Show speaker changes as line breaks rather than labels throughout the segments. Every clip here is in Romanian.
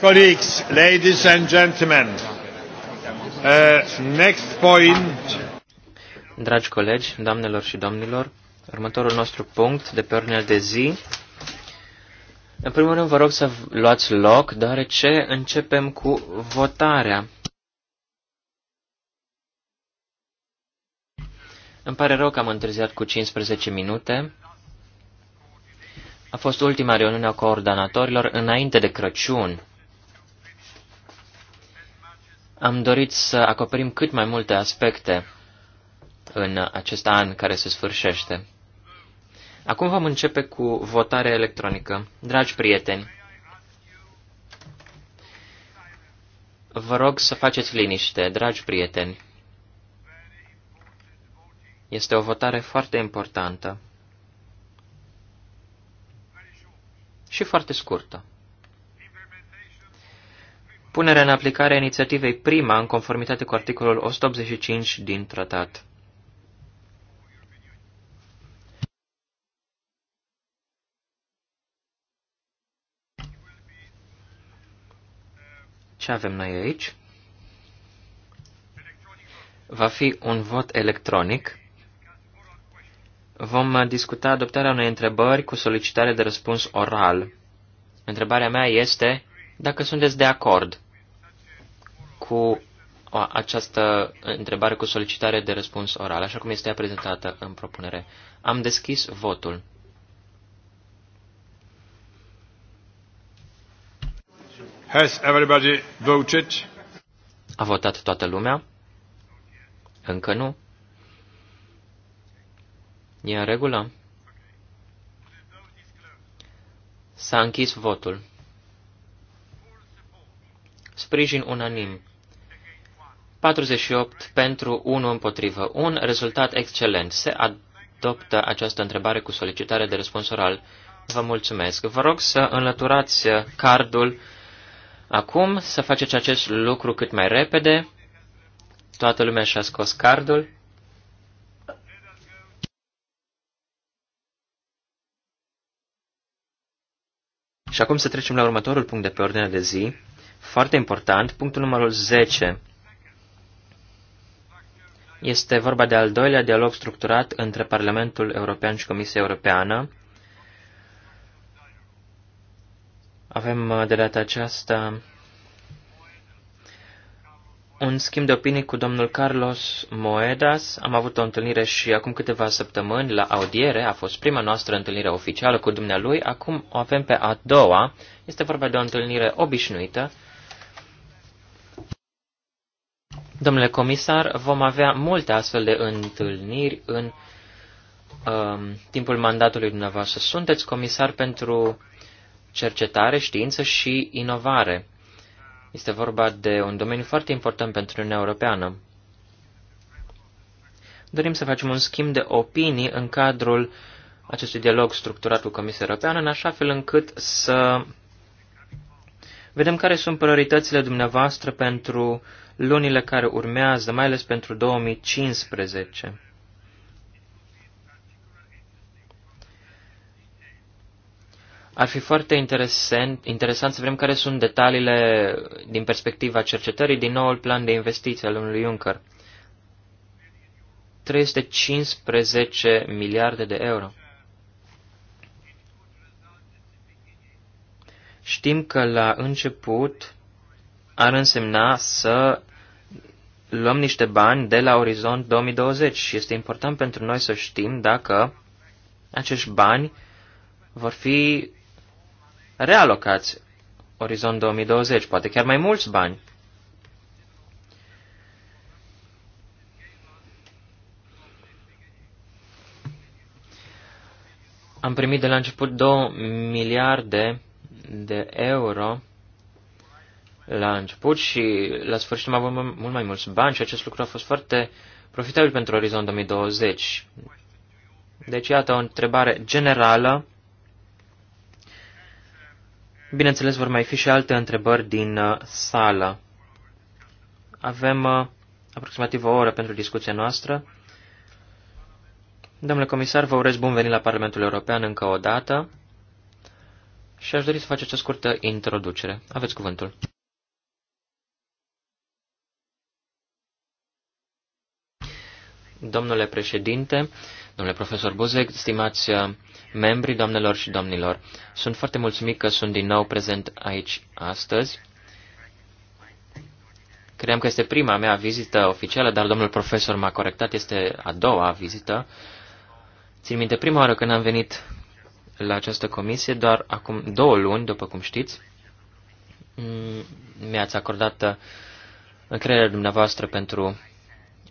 colleagues, ladies and gentlemen, uh,
next point. Dragi colegi, doamnelor și domnilor, următorul nostru punct de pe ordinea de zi. În primul rând, vă rog să luați loc, deoarece începem cu votarea. Îmi pare rău că am întârziat cu 15 minute. A fost ultima reuniune a coordonatorilor înainte de Crăciun. Am dorit să acoperim cât mai multe aspecte în acest an care se sfârșește. Acum vom începe cu votarea electronică. Dragi prieteni, vă rog să faceți liniște, dragi prieteni. Este o votare foarte importantă și foarte scurtă. Punerea în aplicare a inițiativei prima în conformitate cu articolul 185 din tratat. Ce avem noi aici? Va fi un vot electronic. Vom discuta adoptarea unei întrebări cu solicitare de răspuns oral. Întrebarea mea este dacă sunteți de acord cu această întrebare cu solicitare de răspuns oral, așa cum este ea prezentată în propunere, am deschis votul. Has everybody voted? A votat toată lumea? Încă nu? E în regulă? S-a închis votul. Sprijin unanim. 48 pentru 1 împotrivă. Un rezultat excelent. Se adoptă această întrebare cu solicitare de răspuns oral. Vă mulțumesc. Vă rog să înlăturați cardul acum, să faceți acest lucru cât mai repede. Toată lumea și-a scos cardul. Și acum să trecem la următorul punct de pe ordinea de zi. Foarte important, punctul numărul 10. Este vorba de al doilea dialog structurat între Parlamentul European și Comisia Europeană. Avem uh, de data aceasta un schimb de opinii cu domnul Carlos Moedas. Am avut o întâlnire și acum câteva săptămâni la audiere. A fost prima noastră întâlnire oficială cu dumnealui. Acum o avem pe a doua. Este vorba de o întâlnire obișnuită Domnule comisar, vom avea multe astfel de întâlniri în um, timpul mandatului dumneavoastră. Sunteți comisar pentru cercetare, știință și inovare. Este vorba de un domeniu foarte important pentru Uniunea Europeană. Dorim să facem un schimb de opinii în cadrul acestui dialog structurat cu Comisia Europeană, în așa fel încât să Vedem care sunt prioritățile dumneavoastră pentru lunile care urmează, mai ales pentru 2015. Ar fi foarte interesant, interesant să vedem care sunt detaliile din perspectiva cercetării din noul plan de investiții al lui Juncker. 315 miliarde de euro. Știm că la început ar însemna să luăm niște bani de la Orizont 2020 și este important pentru noi să știm dacă acești bani vor fi realocați Orizont 2020, poate chiar mai mulți bani. Am primit de la început 2 miliarde de euro la început și la sfârșit am avut mult mai mulți bani și acest lucru a fost foarte profitabil pentru Orizont 2020. Deci, iată o întrebare generală. Bineînțeles, vor mai fi și alte întrebări din uh, sală. Avem uh, aproximativ o oră pentru discuția noastră. Domnule comisar, vă urez bun venit la Parlamentul European încă o dată și aș dori să faceți o scurtă introducere. Aveți cuvântul. Domnule președinte, domnule profesor Buzek, stimați uh, membri, doamnelor și domnilor, sunt foarte mulțumit că sunt din nou prezent aici astăzi. Credeam că este prima mea vizită oficială, dar domnul profesor m-a corectat, este a doua vizită. Țin minte prima oară când am venit la această comisie doar acum două luni, după cum știți. Mm, mi-ați acordat uh, încrederea dumneavoastră pentru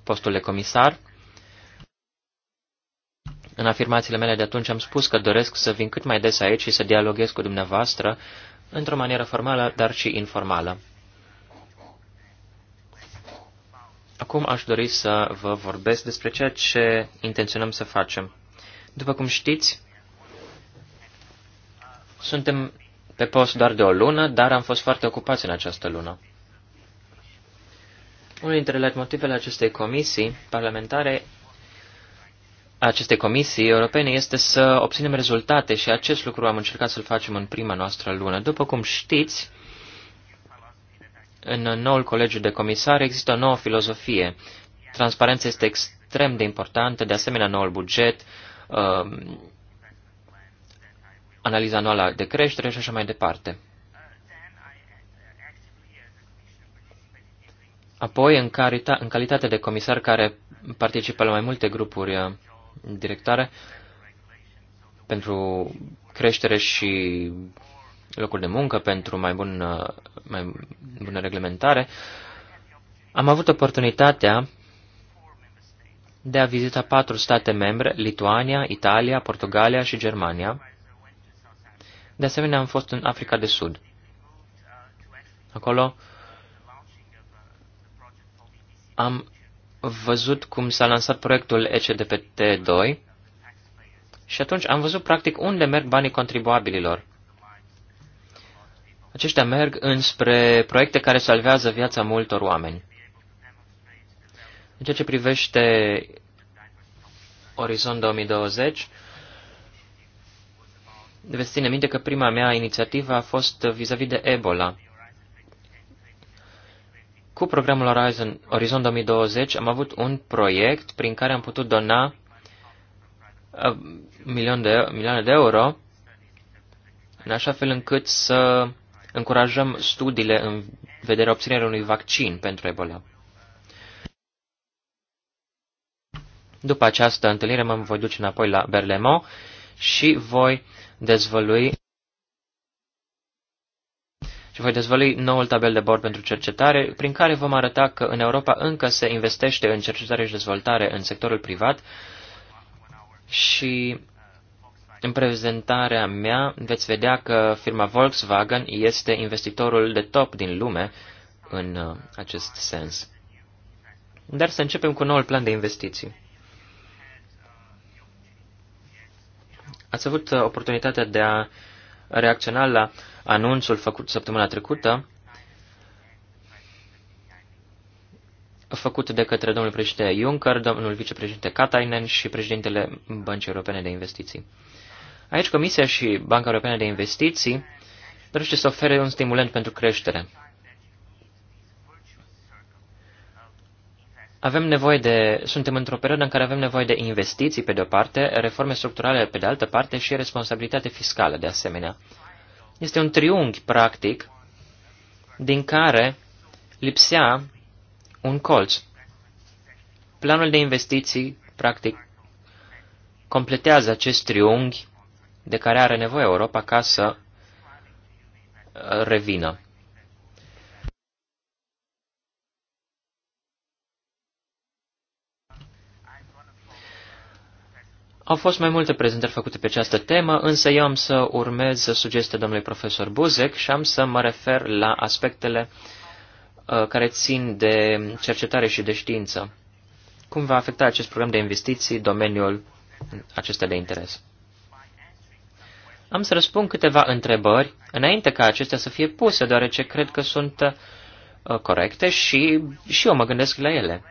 postul de comisar. În afirmațiile mele de atunci am spus că doresc să vin cât mai des aici și să dialoghez cu dumneavoastră într-o manieră formală, dar și informală. Acum aș dori să vă vorbesc despre ceea ce intenționăm să facem. După cum știți, suntem pe post doar de o lună, dar am fost foarte ocupați în această lună. Unul dintre motivele acestei comisii parlamentare, acestei comisii europene, este să obținem rezultate și acest lucru am încercat să-l facem în prima noastră lună. După cum știți, în noul colegiu de comisari există o nouă filozofie. Transparența este extrem de importantă, de asemenea noul buget, um, analiza anuală de creștere și așa mai departe. Apoi, în, carita, în calitate de comisar care participă la mai multe grupuri uh, directare pentru creștere și locuri de muncă, pentru mai bună, uh, mai bună reglementare, am avut oportunitatea de a vizita patru state membre, Lituania, Italia, Portugalia și Germania, de asemenea, am fost în Africa de Sud. Acolo am văzut cum s-a lansat proiectul ECDPT2 și atunci am văzut practic unde merg banii contribuabililor. Aceștia merg înspre proiecte care salvează viața multor oameni. În ceea ce privește Orizont 2020, veți ține minte că prima mea inițiativă a fost vis-a-vis -vis de Ebola. Cu programul Horizon, Horizon 2020 am avut un proiect prin care am putut dona uh, milioane de, milioane de euro în așa fel încât să încurajăm studiile în vederea obținerii unui vaccin pentru Ebola. După această întâlnire mă voi duce înapoi la Berlemo și voi dezvălui și voi dezvălui noul tabel de bord pentru cercetare, prin care vom arăta că în Europa încă se investește în cercetare și dezvoltare în sectorul privat și în prezentarea mea veți vedea că firma Volkswagen este investitorul de top din lume în uh, acest sens. Dar să începem cu noul plan de investiții. Ați avut uh, oportunitatea de a reacționa la anunțul făcut săptămâna trecută, făcut de către domnul președinte Juncker, domnul vicepreședinte Katainen și președintele Băncii Europene de Investiții. Aici Comisia și Banca Europeană de Investiții dorește să ofere un stimulent pentru creștere. Avem nevoie de, suntem într-o perioadă în care avem nevoie de investiții, pe de-o parte, reforme structurale, pe de altă parte, și responsabilitate fiscală, de asemenea. Este un triunghi, practic, din care lipsea un colț. Planul de investiții, practic, completează acest triunghi de care are nevoie Europa ca să uh, revină. Au fost mai multe prezentări făcute pe această temă, însă eu am să urmez sugestia domnului profesor Buzek și am să mă refer la aspectele uh, care țin de cercetare și de știință. Cum va afecta acest program de investiții domeniul acesta de interes? Am să răspund câteva întrebări înainte ca acestea să fie puse, deoarece cred că sunt uh, corecte și, și eu mă gândesc la ele.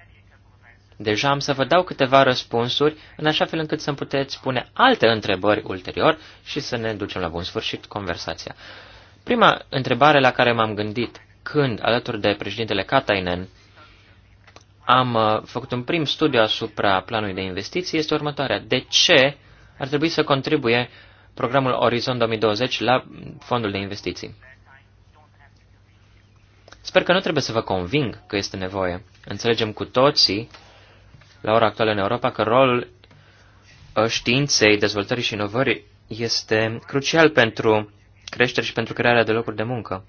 Deja am să vă dau câteva răspunsuri, în așa fel încât să-mi puteți pune alte întrebări ulterior și să ne ducem la bun sfârșit conversația. Prima întrebare la care m-am gândit când, alături de președintele Katainen, am uh, făcut un prim studiu asupra planului de investiții este următoarea. De ce ar trebui să contribuie programul Orizont 2020 la fondul de investiții? Sper că nu trebuie să vă conving că este nevoie. Înțelegem cu toții la ora actuală în Europa că rolul uh, științei, dezvoltării și inovării este crucial pentru creștere și pentru crearea de locuri de muncă.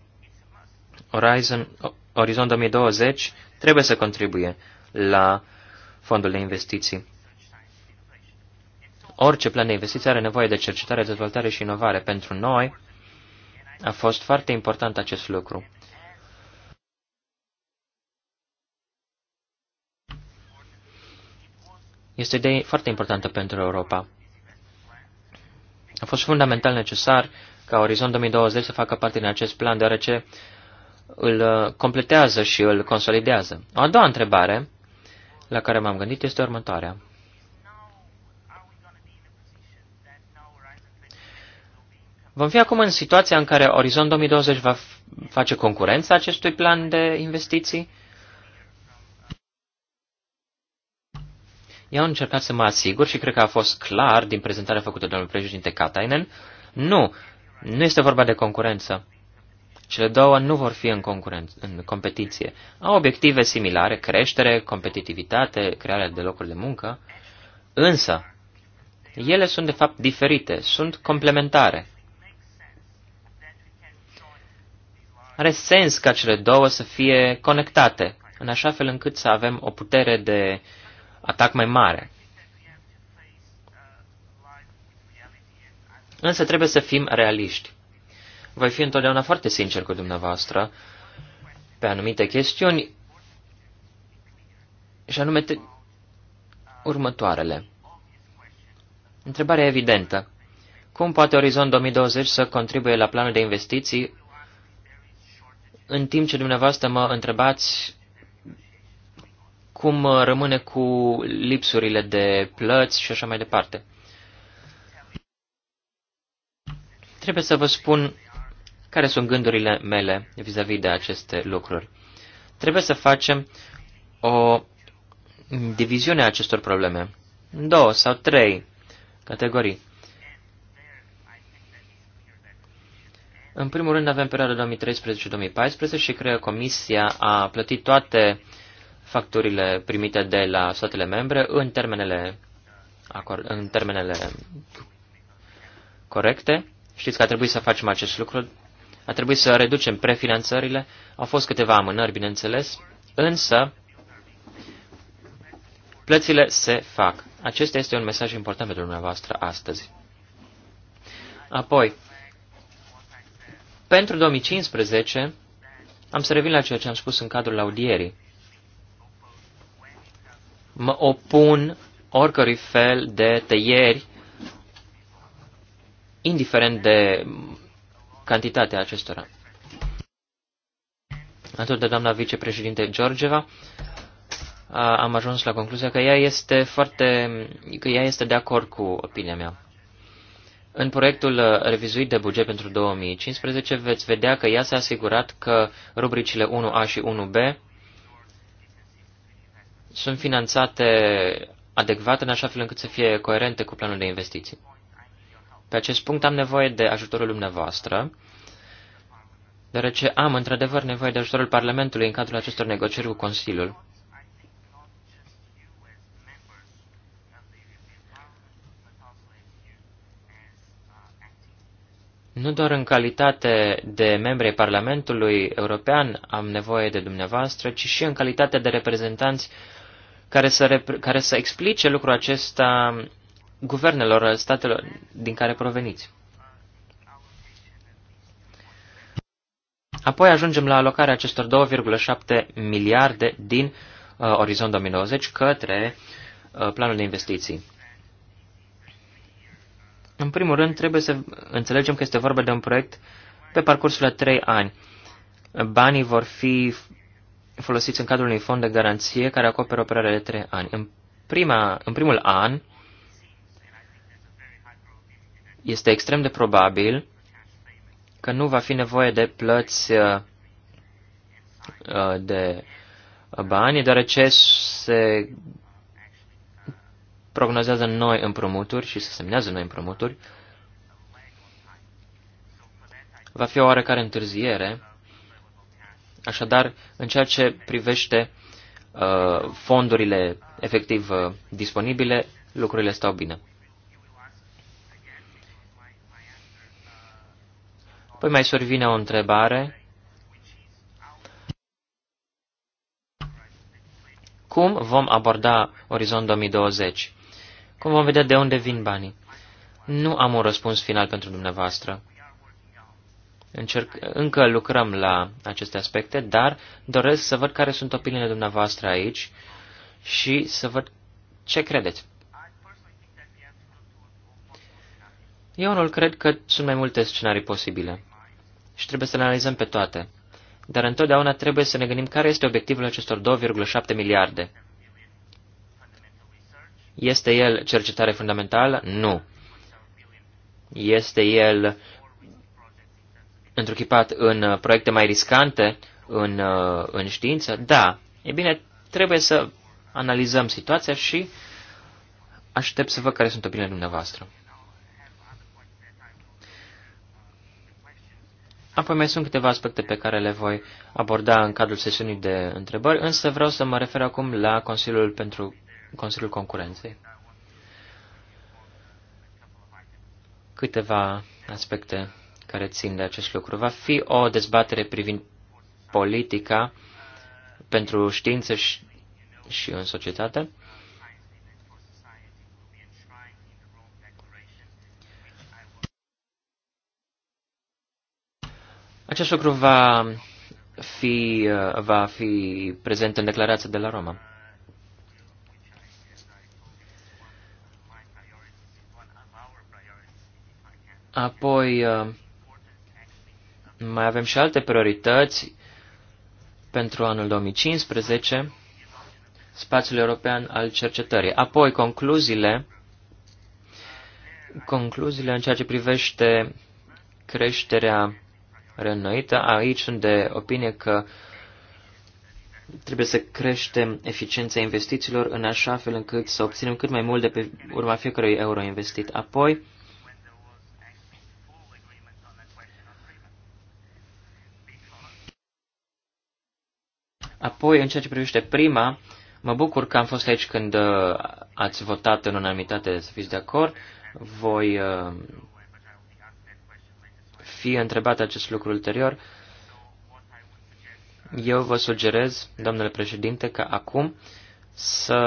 Horizon, Horizon 2020 trebuie să contribuie la fondul de investiții. Orice plan de investiții are nevoie de cercetare, dezvoltare și inovare. Pentru noi a fost foarte important acest lucru. este o idee foarte importantă pentru Europa. A fost fundamental necesar ca Orizont 2020 să facă parte din acest plan, deoarece îl uh, completează și îl consolidează. O a doua întrebare la care m-am gândit este următoarea. Vom fi acum în situația în care Orizont 2020 va face concurența acestui plan de investiții? Eu am încercat să mă asigur și cred că a fost clar din prezentarea făcută de domnul președinte Katainen. Nu, nu este vorba de concurență. Cele două nu vor fi în, concurență, în competiție. Au obiective similare, creștere, competitivitate, crearea de locuri de muncă, însă ele sunt de fapt diferite, sunt complementare. Are sens ca cele două să fie conectate, în așa fel încât să avem o putere de uh, atac mai mare. Însă trebuie să fim realiști. Voi fi întotdeauna foarte sincer cu dumneavoastră pe anumite chestiuni și anume te... următoarele. Întrebarea evidentă. Cum poate Orizont 2020 să contribuie la planul de investiții în timp ce dumneavoastră mă întrebați cum uh, rămâne cu lipsurile de plăți și așa mai departe. Trebuie să vă spun care sunt gândurile mele vis-a-vis -vis de aceste lucruri. Trebuie să facem o diviziune a acestor probleme în două sau trei categorii. În primul rând avem perioada 2013-2014 și cred că Comisia a plătit toate uh, facturile primite de la statele membre în termenele, acord, în termenele corecte. Știți că a trebuit să facem acest lucru. A trebuit să reducem prefinanțările. Au fost câteva amânări, bineînțeles, însă plățile se fac. Acesta este un mesaj important pentru dumneavoastră astăzi. Apoi, pentru 2015, am să revin la ceea ce am spus în cadrul audierii mă opun oricărui fel de tăieri, indiferent de cantitatea acestora. Atunci de doamna vicepreședinte Georgeva, am ajuns la concluzia că ea este foarte, că ea este de acord cu opinia mea. În proiectul revizuit de buget pentru 2015 veți vedea că ea s-a asigurat că rubricile 1A și 1B sunt finanțate adecvat în așa fel încât să fie coerente cu planul de investiții. Pe acest punct am nevoie de ajutorul dumneavoastră, deoarece am într-adevăr nevoie de ajutorul Parlamentului în cadrul acestor negocieri cu Consiliul. Nu doar în calitate de membrii Parlamentului European am nevoie de dumneavoastră, ci și în calitate de reprezentanți uh, care să, care să explice lucrul acesta guvernelor statelor din care proveniți. Apoi ajungem la alocarea acestor 2,7 miliarde din uh, Orizont 2020 către uh, planul de investiții. În primul rând, trebuie să înțelegem că este vorba de un proiect pe parcursul a trei ani. Banii vor fi folosiți în cadrul unui fond de garanție care acoperă operarea de trei ani. În, prima, în primul an este extrem de probabil că nu va fi nevoie de plăți uh, uh, de bani, deoarece se prognozează noi împrumuturi și se semnează noi împrumuturi. Va fi o oarecare întârziere Așadar, în ceea ce privește uh, fondurile efectiv uh, disponibile, lucrurile stau bine. Păi mai survine o întrebare. Cum vom aborda Orizont 2020? Cum vom vedea de unde vin banii? Nu am un răspuns final pentru dumneavoastră. Încerc, încă lucrăm la aceste aspecte, dar doresc să văd care sunt opiniile dumneavoastră aici și să văd ce credeți. Eu unul cred că sunt mai multe scenarii posibile și trebuie să le analizăm pe toate, dar întotdeauna trebuie să ne gândim care este obiectivul acestor 2,7 miliarde. Este el cercetare fundamentală? Nu. Este el întruchipat în uh, proiecte mai riscante în, uh, în știință? Da. E bine, trebuie să analizăm situația și aștept să văd care sunt opiniile dumneavoastră. Apoi mai sunt câteva aspecte pe care le voi aborda în cadrul sesiunii de întrebări, însă vreau să mă refer acum la Consiliul pentru Consiliul Concurenței. Câteva aspecte care țin de acest lucru. Va fi o dezbatere privind politica pentru știință și, și în societate. Acest lucru va fi, va fi prezent în declarația de la Roma. Apoi, uh, mai avem și alte priorități pentru anul 2015, spațiul european al cercetării. Apoi, concluziile, concluziile în ceea ce privește creșterea reînnoită. Aici sunt de opinie că trebuie să creștem eficiența investițiilor în așa fel încât să obținem cât mai mult de pe urma fiecărui euro investit. Apoi, Apoi, în ceea ce privește prima, mă bucur că am fost aici când uh, ați votat în unanimitate să fiți de acord. Voi uh, fi întrebat acest lucru ulterior. Eu vă sugerez, domnule președinte, că acum să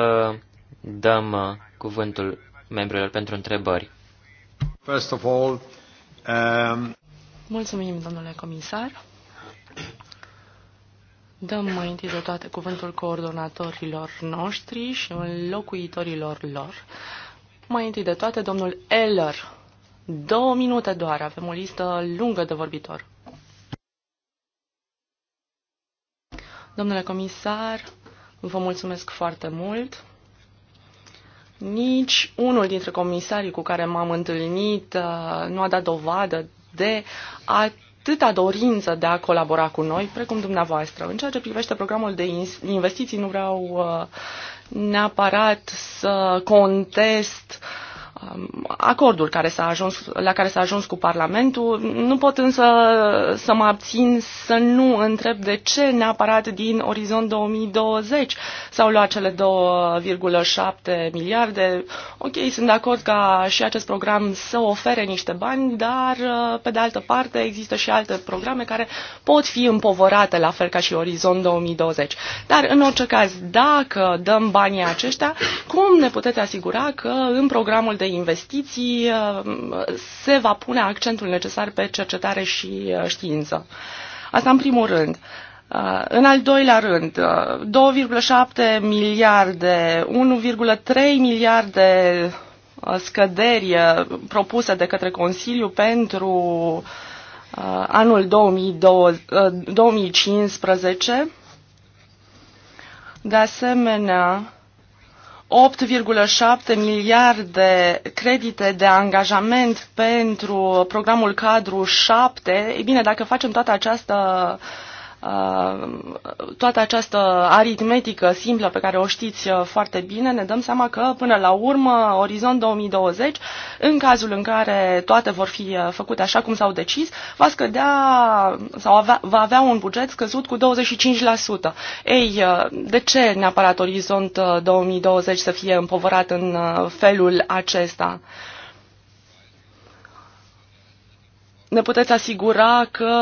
dăm uh, cuvântul membrilor pentru întrebări. First of all, um...
Mulțumim, domnule comisar. Dăm mai întâi de toate cuvântul coordonatorilor noștri și înlocuitorilor lor. Mai întâi de toate, domnul Eller. Două minute doar, avem o listă lungă de vorbitor. Domnule comisar, vă mulțumesc foarte mult. Nici unul dintre comisarii cu care m-am întâlnit uh, nu a dat dovadă de a atâta dorință de a colabora cu noi, precum dumneavoastră. În ceea ce privește programul de investiții, nu vreau uh, neapărat să contest uh, Um, acordul care s-a ajuns, la care s-a ajuns cu Parlamentul. Nu pot însă să mă abțin să nu întreb de ce neapărat din orizont 2020 s-au luat cele 2,7 miliarde. Ok, sunt de acord ca și acest program să ofere niște bani, dar uh, pe de altă parte există și alte programe care pot fi împovărate la fel ca și orizont 2020. Dar în orice caz, dacă dăm banii aceștia, cum ne puteți asigura că în programul de investiții uh, se va pune accentul necesar pe cercetare și uh, știință. Asta în primul rând. Uh, în al doilea rând, 2,7 miliarde, 1,3 miliarde scăderi propuse de către Consiliu pentru anul 2015. De asemenea, 8,7 miliarde credite de angajament pentru programul cadru 7, e bine, dacă facem toată această uh, Uh, toată această aritmetică simplă pe care o știți uh, foarte bine, ne dăm seama că până la urmă, orizont 2020, în cazul în care toate vor fi uh, făcute așa cum s-au decis, va scădea sau avea, va avea un buget scăzut cu 25%. Ei, de ce neapărat orizont 2020 să fie împovărat în felul acesta? Uh, ne puteți asigura că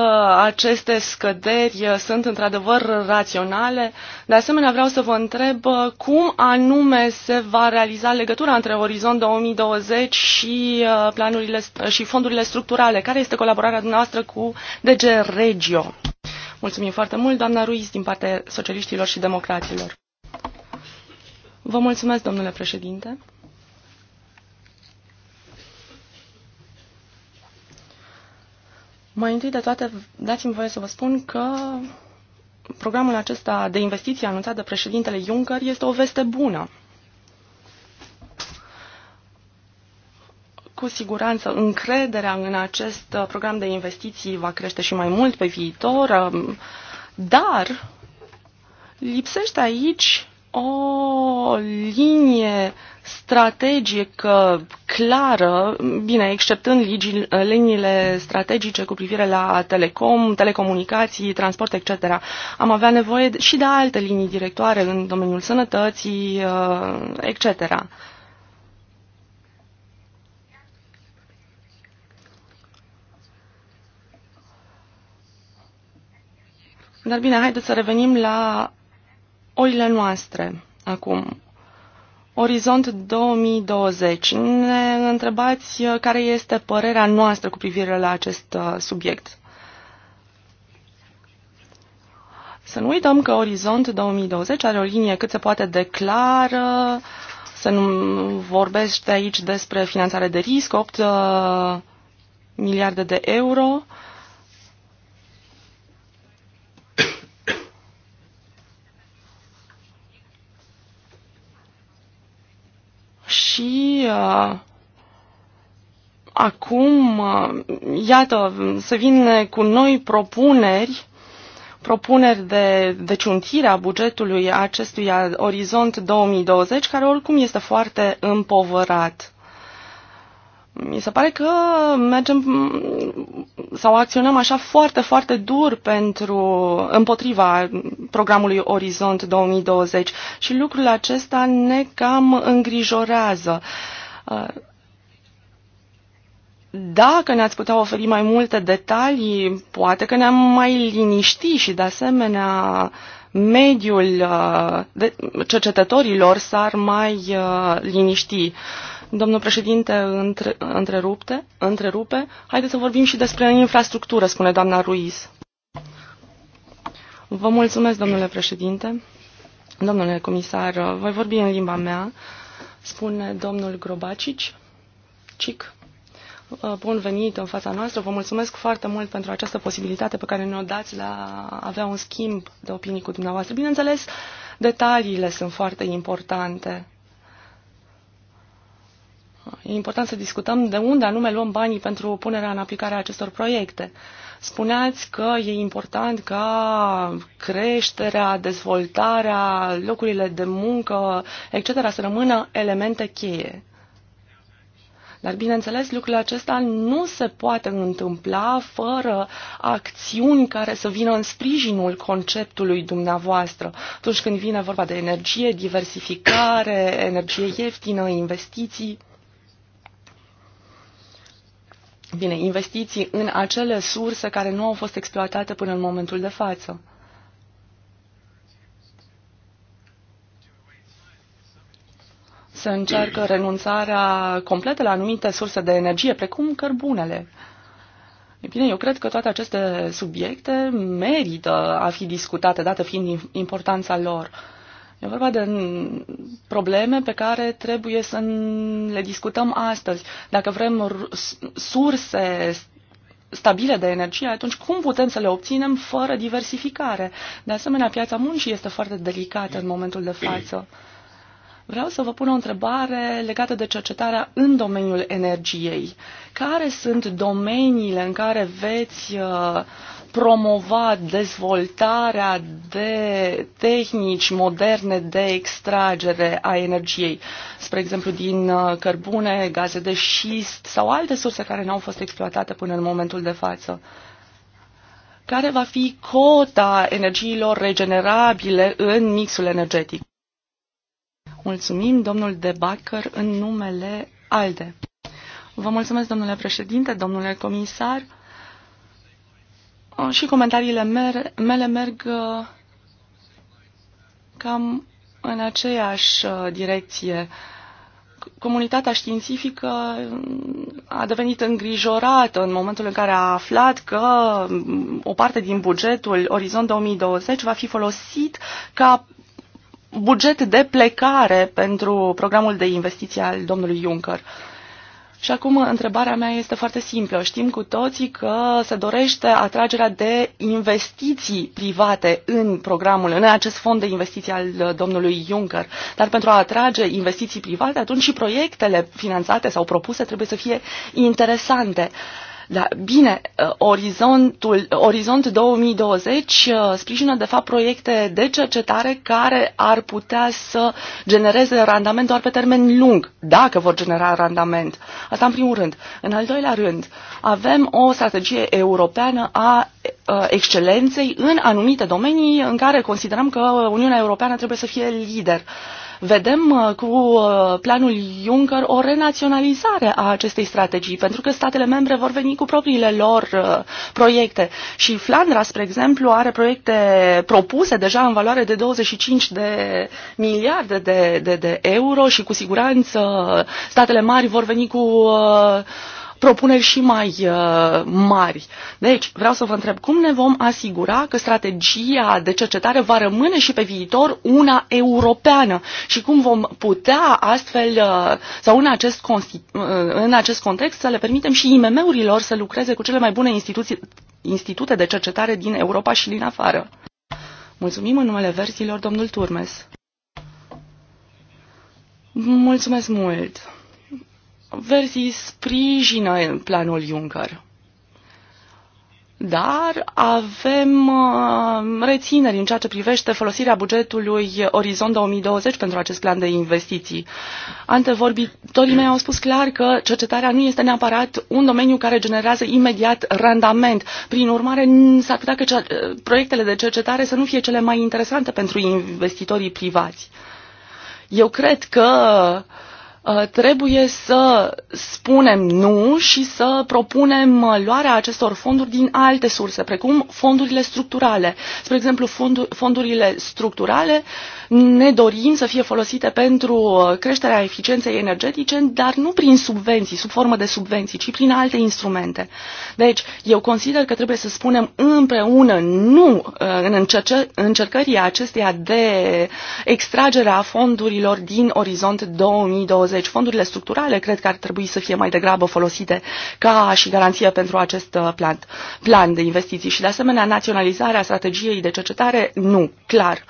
aceste scăderi sunt într-adevăr raționale. De asemenea, vreau să vă întreb uh, cum anume se va realiza legătura între Orizont 2020 și uh, planurile și fondurile structurale. Care este colaborarea dumneavoastră cu DG Regio? Mulțumim foarte mult, doamna Ruiz, din partea socialiștilor și democraților. Vă mulțumesc, domnule președinte. Mai întâi de toate, dați-mi voie să vă spun că programul acesta de investiții anunțat de președintele Juncker este o veste bună. Cu siguranță, încrederea în acest program de investiții va crește și mai mult pe viitor, um, dar lipsește aici o linie strategică clară, bine, exceptând ligii, liniile strategice cu privire la telecom, telecomunicații, transport, etc. Am avea nevoie și de alte linii directoare în domeniul sănătății, uh, etc. Dar bine, haideți să revenim la oile noastre acum. Orizont 2020. Ne întrebați uh, care este părerea noastră cu privire la acest uh, subiect. Să nu uităm că Orizont 2020 are o linie cât se poate de clară, să nu vorbește aici despre finanțare de risc, 8 uh, miliarde de euro, uh, Uh, acum, uh, iată, să vin cu noi propuneri, propuneri de, de ciuntire a bugetului acestui orizont 2020, care oricum este foarte împovărat. Mi se pare că mergem sau acționăm așa foarte, foarte dur pentru împotriva programului Orizont 2020 și lucrul acesta ne cam îngrijorează. Uh, Uh, dacă ne-ați putea oferi mai multe detalii, poate că ne-am mai liniști și, de asemenea, mediul uh, cercetătorilor s-ar mai uh, liniști. Domnul președinte, între, întrerupte, întrerupe, haideți să vorbim și despre infrastructură, spune doamna Ruiz. Vă mulțumesc, domnule președinte. Domnule comisar, voi vorbi în limba mea. Uh, spune domnul Grobacic. Cic. Uh, bun venit în fața noastră. Vă mulțumesc foarte mult pentru această posibilitate pe care ne-o dați la avea un schimb de opinii cu dumneavoastră. Bineînțeles, detaliile sunt foarte importante. Uh, e important să discutăm de unde anume luăm banii pentru punerea în aplicare a acestor proiecte. Uh, Spuneați că e important ca creșterea, dezvoltarea, locurile de muncă, etc. să rămână elemente cheie. Dar, bineînțeles, lucrul acesta nu se poate întâmpla fără acțiuni care să vină în sprijinul conceptului dumneavoastră. Atunci când vine vorba de energie, diversificare, energie ieftină, investiții bine, investiții în acele surse care nu au fost exploatate până în momentul de față. Se încearcă renunțarea completă la anumite surse de energie, precum cărbunele. E bine, eu cred că toate aceste subiecte merită a fi discutate, dată fiind importanța lor. Uh, E vorba de mm, probleme pe care trebuie să le discutăm astăzi. Dacă vrem surse stabile de energie, atunci cum putem să le obținem fără diversificare? De asemenea, piața muncii este foarte delicată în momentul de față. Vreau să vă pun o întrebare legată de cercetarea în domeniul energiei. Care sunt domeniile în care veți uh, promova dezvoltarea de tehnici moderne de extragere a energiei, spre exemplu din uh, cărbune, gaze de șist sau alte surse care nu au fost exploatate până în momentul de față care va fi cota energiilor regenerabile în mixul energetic. Mulțumim, domnul De Bacăr, în numele ALDE. Vă mulțumesc, domnule președinte, domnule comisar. Uh, și comentariile mele merg uh, cam în aceeași uh, direcție. Comunitatea științifică a devenit îngrijorată în momentul în care a aflat că mm, o parte din bugetul Orizont 2020 va fi folosit ca buget de plecare pentru programul de investiție al domnului Juncker. Uh, și acum întrebarea mea este foarte simplă. Știm cu toții că se dorește atragerea de investiții private în programul, în acest fond de investiții al uh, domnului Juncker. Dar pentru a atrage investiții private, atunci și proiectele finanțate sau propuse trebuie să fie interesante. Uh, da, bine, uh, orizontul, Orizont 2020 uh, sprijină de fapt proiecte de cercetare care ar putea să genereze randament doar pe termen lung, dacă vor genera randament. Asta în primul rând. În al doilea rând, avem o strategie europeană a uh, excelenței în anumite domenii în care considerăm că Uniunea Europeană trebuie să fie lider. Uh, vedem uh, cu uh, planul Juncker o renaționalizare a acestei strategii, pentru că statele membre vor veni cu propriile lor uh, proiecte. Și Flandra, spre exemplu, are proiecte propuse deja în valoare de 25 de miliarde de, de, de euro și cu siguranță statele mari vor veni cu uh, propuneri și mai uh, mari. Deci, vreau să vă întreb, cum ne vom asigura că strategia de cercetare va rămâne și pe viitor una europeană și cum vom putea astfel uh, sau în acest, uh, în acest context să le permitem și IMM-urilor să lucreze cu cele mai bune instituții, institute de cercetare din Europa și din afară. Mulțumim în numele versiilor domnul Turmes. Mulțumesc mult! Verzii sprijină planul Juncker dar avem uh, rețineri în ceea ce privește folosirea bugetului Orizont 2020 pentru acest plan de investiții. Antevorbitorii mei au spus clar că cercetarea nu este neapărat un domeniu care generează imediat randament. Prin urmare, s-ar putea că uh, proiectele de cercetare să nu fie cele mai interesante pentru investitorii privați. Eu cred că uh, Uh, trebuie să spunem nu și să propunem uh, luarea acestor fonduri din alte surse, precum fondurile structurale. Spre exemplu, fondurile structurale ne dorim să fie folosite pentru uh, creșterea eficienței energetice, dar nu prin subvenții, sub formă de subvenții, ci prin alte instrumente. Deci, eu consider că trebuie să spunem împreună nu în încercării acesteia de extragere a fondurilor din orizont 2020. 2020. Fondurile structurale cred că ar trebui să fie mai degrabă folosite ca și garanție pentru acest uh, plan, plan de investiții și, de asemenea, naționalizarea strategiei de cercetare, nu, clar.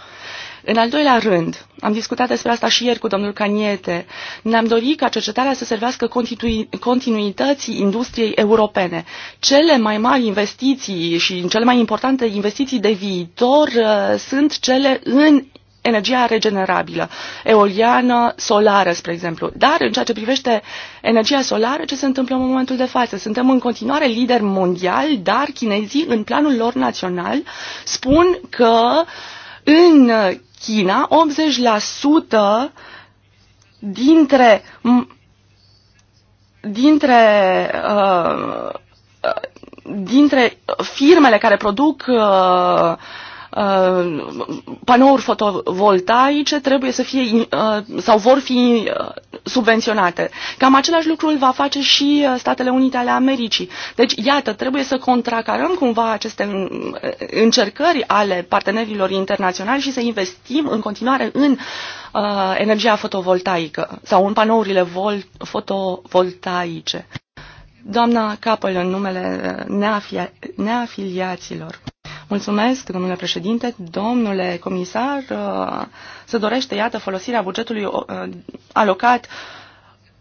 În al doilea rând, am discutat despre asta și ieri cu domnul Caniete, ne-am dorit ca cercetarea să servească continuității industriei europene. Cele mai mari investiții și cele mai importante investiții de viitor uh, sunt cele în energia regenerabilă, eoliană, solară, spre exemplu. Dar în ceea ce privește energia solară, ce se întâmplă în momentul de față? Suntem în continuare lideri mondiali, dar chinezii, în planul lor național, spun că în China 80% dintre dintre uh, uh, dintre firmele care produc uh, Uh, panouri fotovoltaice trebuie să fie uh, sau vor fi uh, subvenționate. Cam același lucru îl va face și Statele Unite ale Americii. Deci, iată, trebuie să contracarăm cumva aceste încercări ale partenerilor internaționali și să investim în continuare în energia fotovoltaică sau în panourile fotovoltaice. Doamna Capăl, în numele neafiliaților. Mulțumesc, domnule președinte, domnule comisar. Uh, se dorește, iată, folosirea bugetului uh, alocat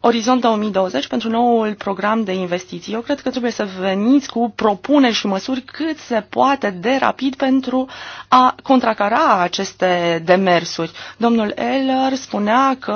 Orizont 2020 pentru noul program de investiții. Eu cred că trebuie să veniți cu propuneri și măsuri cât se poate de rapid pentru a contracara aceste demersuri. Domnul Eller spunea că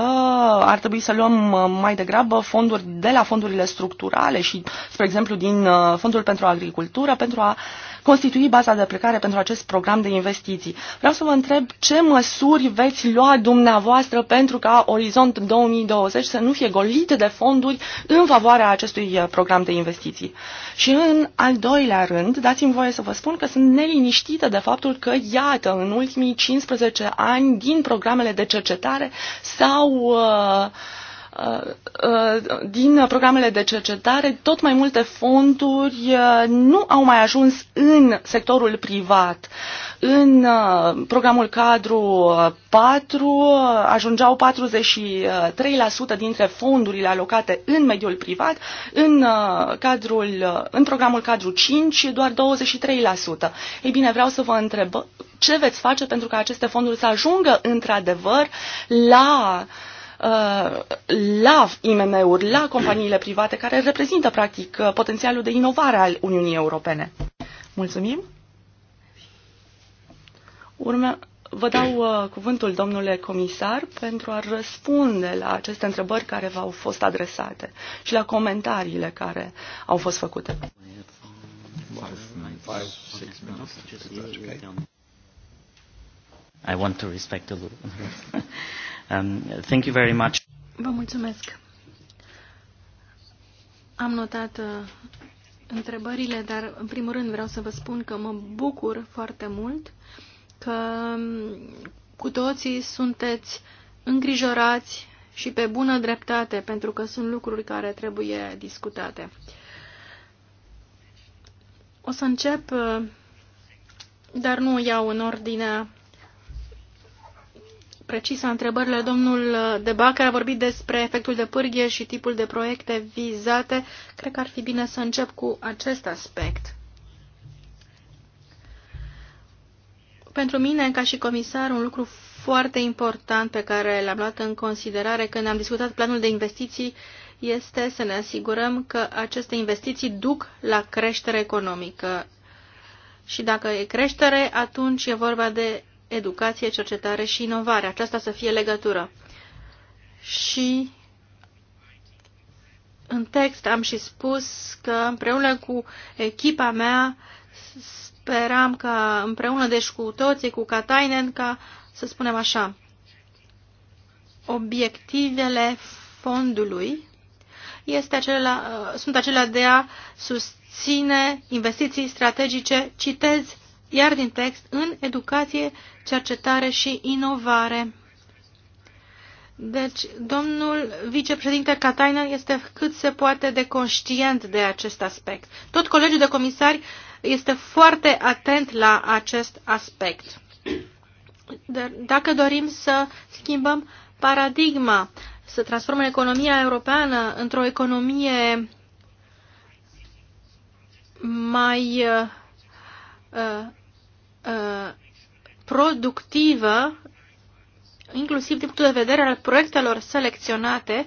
ar trebui să luăm mai degrabă fonduri de la fondurile structurale și, spre exemplu, din uh, Fondul pentru Agricultură pentru a constitui baza de plecare pentru acest program de investiții. Vreau să vă întreb ce măsuri veți lua dumneavoastră pentru ca Orizont 2020 să nu fie golit de fonduri în favoarea acestui uh, program de investiții. Și în al doilea rând, dați-mi voie să vă spun că sunt neliniștită de faptul că, iată, în ultimii 15 ani din programele de cercetare s-au uh, din programele de cercetare, tot mai multe fonduri uh, nu au mai ajuns în sectorul privat. În uh, programul cadru 4 uh, ajungeau 43% dintre fondurile alocate în mediul privat, în, cadrul, în programul cadru 5 doar 23%. Ei bine, vreau să vă întreb ce veți face pentru ca aceste fonduri să ajungă într-adevăr la uh, Uh, la IMM-uri, la companiile private, care reprezintă, practic, uh, potențialul de inovare al Uniunii Europene. Mulțumim! Urme, vă dau uh, cuvântul, domnule comisar, pentru a răspunde la aceste întrebări care v-au fost adresate și la comentariile care au fost făcute.
I want to respect the Um, thank you very much. Vă mulțumesc. Am notat uh, întrebările, dar în primul rând vreau să vă spun că mă bucur foarte mult că um, cu toții sunteți îngrijorați și pe bună dreptate, pentru că sunt lucruri care trebuie discutate. O să încep, uh, dar nu o iau în ordinea precisă întrebările. Domnul Deba, care a vorbit despre efectul de pârghie și tipul de proiecte vizate, cred că ar fi bine să încep cu acest aspect. Pentru mine, ca și comisar, un lucru foarte important pe care l-am luat în considerare când am discutat planul de investiții este să ne asigurăm că aceste investiții duc la creștere economică. Și dacă e creștere, atunci e vorba de educație, cercetare și inovare. Aceasta să fie legătură. Și în text am și spus că împreună cu echipa mea speram că împreună, deci cu toții, cu Katainen, ca să spunem așa, obiectivele fondului este acelea, sunt acelea de a susține investiții strategice, citez, iar din text în educație, cercetare și inovare. Deci, domnul vicepreședinte Catainer este cât se poate de conștient de acest aspect. Tot colegiul de comisari este foarte atent la acest aspect. Dar dacă dorim să schimbăm paradigma, să transformăm economia europeană într-o economie mai uh, uh Uh, productivă, inclusiv din punctul de vedere al proiectelor selecționate,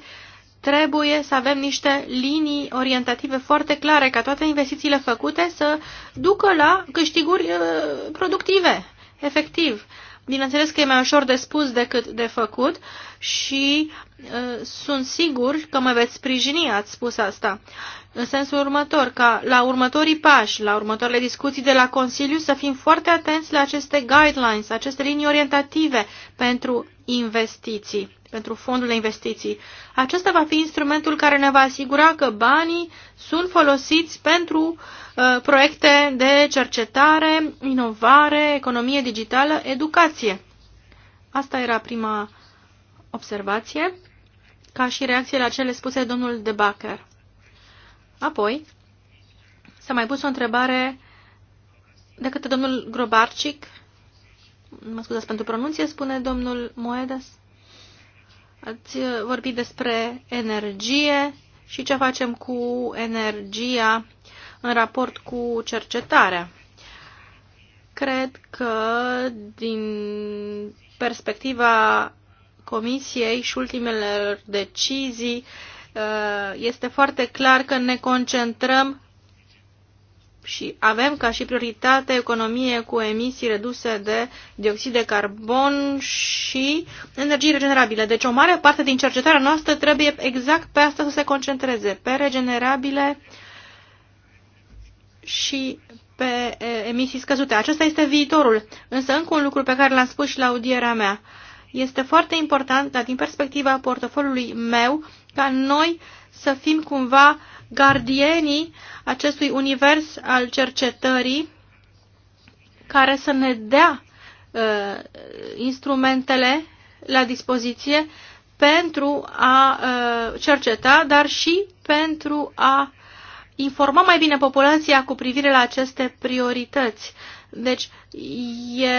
trebuie să avem niște linii orientative foarte clare ca toate investițiile făcute să ducă la câștiguri uh, productive, efectiv. Bineînțeles că e mai ușor de spus decât de făcut și uh, sunt sigur că mă veți sprijini, ați spus asta. În sensul următor, ca la următorii pași, la următoarele discuții de la Consiliu, să fim foarte atenți la aceste guidelines, aceste linii orientative pentru investiții pentru fondul de investiții. Acesta va fi instrumentul care ne va asigura că banii sunt folosiți pentru uh, proiecte de cercetare, inovare, economie digitală, educație. Asta era prima observație, ca și reacție la cele spuse domnul De Bacher. Apoi, s-a mai pus o întrebare de către domnul Grobarcic, mă scuzați pentru pronunție, spune domnul Moedas, Ați uh, vorbit despre energie și ce facem cu energia în raport cu cercetarea. Cred că din perspectiva Comisiei și ultimelor decizii uh, este foarte clar că ne concentrăm și avem ca și prioritate economie cu emisii reduse de dioxid de carbon și energii regenerabile. Deci o mare parte din cercetarea noastră trebuie exact pe asta să se concentreze, pe regenerabile și pe emisii scăzute. Acesta este viitorul. Însă încă un lucru pe care l-am spus și la audierea mea. Este foarte important, dar din perspectiva portofoliului meu, ca noi să fim cumva uh, gardienii acestui univers al cercetării care să ne dea uh, instrumentele la dispoziție pentru a uh, cerceta, dar și pentru a informa mai bine populația cu privire la aceste priorități. Deci,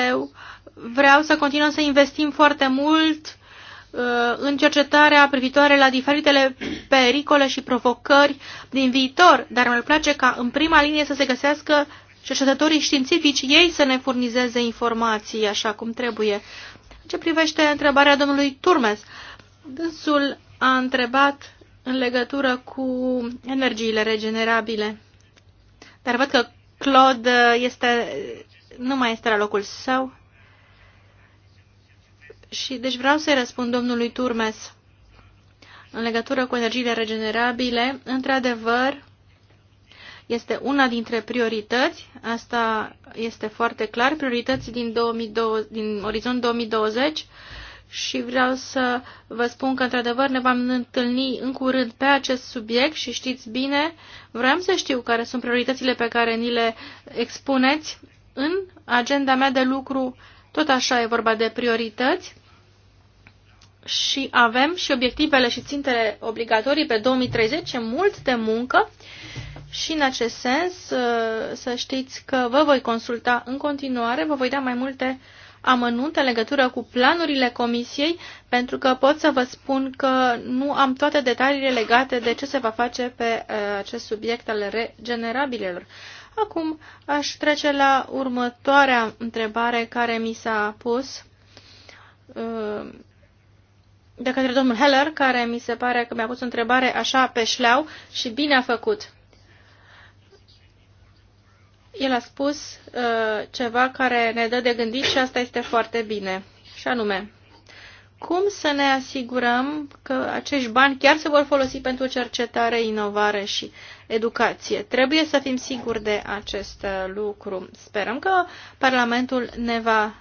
eu vreau să continuăm să investim foarte mult Uh, în cercetarea privitoare la diferitele pericole și provocări din viitor, dar mi-ar place ca în prima linie să se găsească cercetătorii științifici, ei să ne furnizeze informații așa cum trebuie. În ce privește întrebarea domnului Turmes, dânsul a întrebat în legătură cu energiile regenerabile, dar văd că Claude este, nu mai este la locul său. Și deci vreau să-i răspund domnului Turmes în legătură cu energiile regenerabile. Într-adevăr, este una dintre priorități, asta este foarte clar, priorități din, 2020, din orizont 2020 și vreau să vă spun că, într-adevăr, ne vom întâlni în curând pe acest subiect și știți bine, vreau să știu care sunt prioritățile pe care ni le expuneți în agenda mea de lucru tot așa e vorba de priorități și avem și obiectivele și țintele obligatorii pe 2030, mult de muncă și în acest sens uh, să știți că vă voi consulta în continuare, vă voi da mai multe amănunte în legătură cu planurile comisiei, pentru că pot să vă spun că nu am toate detaliile legate de ce se va face pe uh, acest subiect al regenerabilelor. Acum aș trece la următoarea întrebare care mi s-a pus uh, de către domnul Heller, care mi se pare că mi-a pus o întrebare așa pe șleau și bine a făcut. El a spus uh, ceva care ne dă de gândit și asta este foarte bine. Și anume, cum să ne asigurăm că acești bani chiar se vor folosi pentru cercetare, inovare și educație. Trebuie să fim siguri de acest lucru. Sperăm că Parlamentul ne va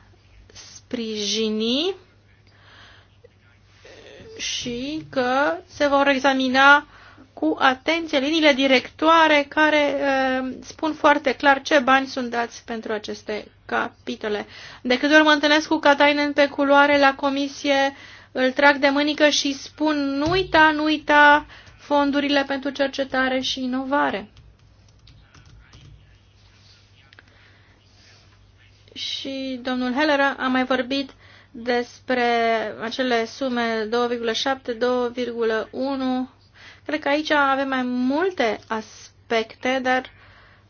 sprijini și că se vor examina cu atenție liniile directoare care uh, spun foarte clar ce bani sunt dați pentru aceste capitole. De câte ori mă întâlnesc cu catainen pe culoare la comisie, îl trag de mânică și spun nu uita, nu uita fondurile pentru cercetare și inovare. Și domnul Heller a mai vorbit despre acele sume 2,7, 2,1 Cred că aici avem mai multe aspecte, dar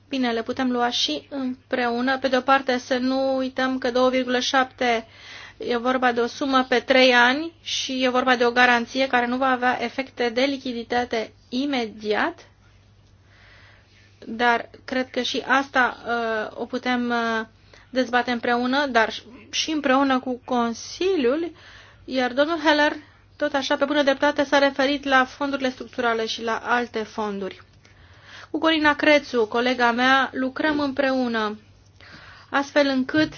bine, le putem lua și împreună. Pe de o parte să nu uităm că 2,7 e vorba de o sumă pe 3 ani și e vorba de o garanție care nu va avea efecte de lichiditate imediat, dar cred că și asta uh, o putem uh, dezbate împreună, dar și împreună cu Consiliul, iar domnul Heller tot așa, pe bună dreptate, s-a referit la fondurile structurale și la alte fonduri. Cu Corina Crețu, colega mea, lucrăm împreună, astfel încât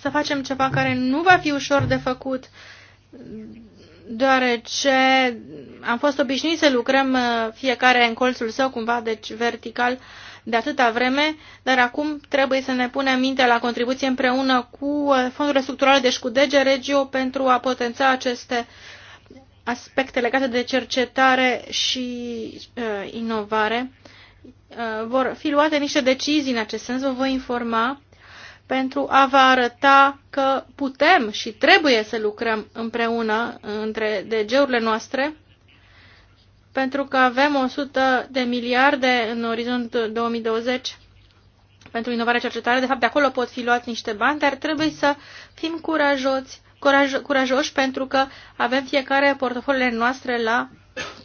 să facem ceva care nu va fi ușor de făcut, deoarece am fost obișnuiți să lucrăm uh, fiecare în colțul său, cumva, deci vertical, uh, de atâta vreme, dar acum trebuie să ne punem mintea la contribuție împreună cu uh, fondurile structurale, deci cu DG Regio, pentru a potența aceste aspecte legate de cercetare și uh, inovare. Uh, vor fi luate niște decizii în acest sens, vă voi informa, pentru a vă arăta că putem și trebuie să lucrăm împreună între DG-urile noastre pentru că avem 100 de miliarde în orizont 2020 pentru inovare cercetare, de fapt de acolo pot fi luați niște bani, dar trebuie să fim curajoți, curaj, curajoși pentru că avem fiecare portofoliile noastre la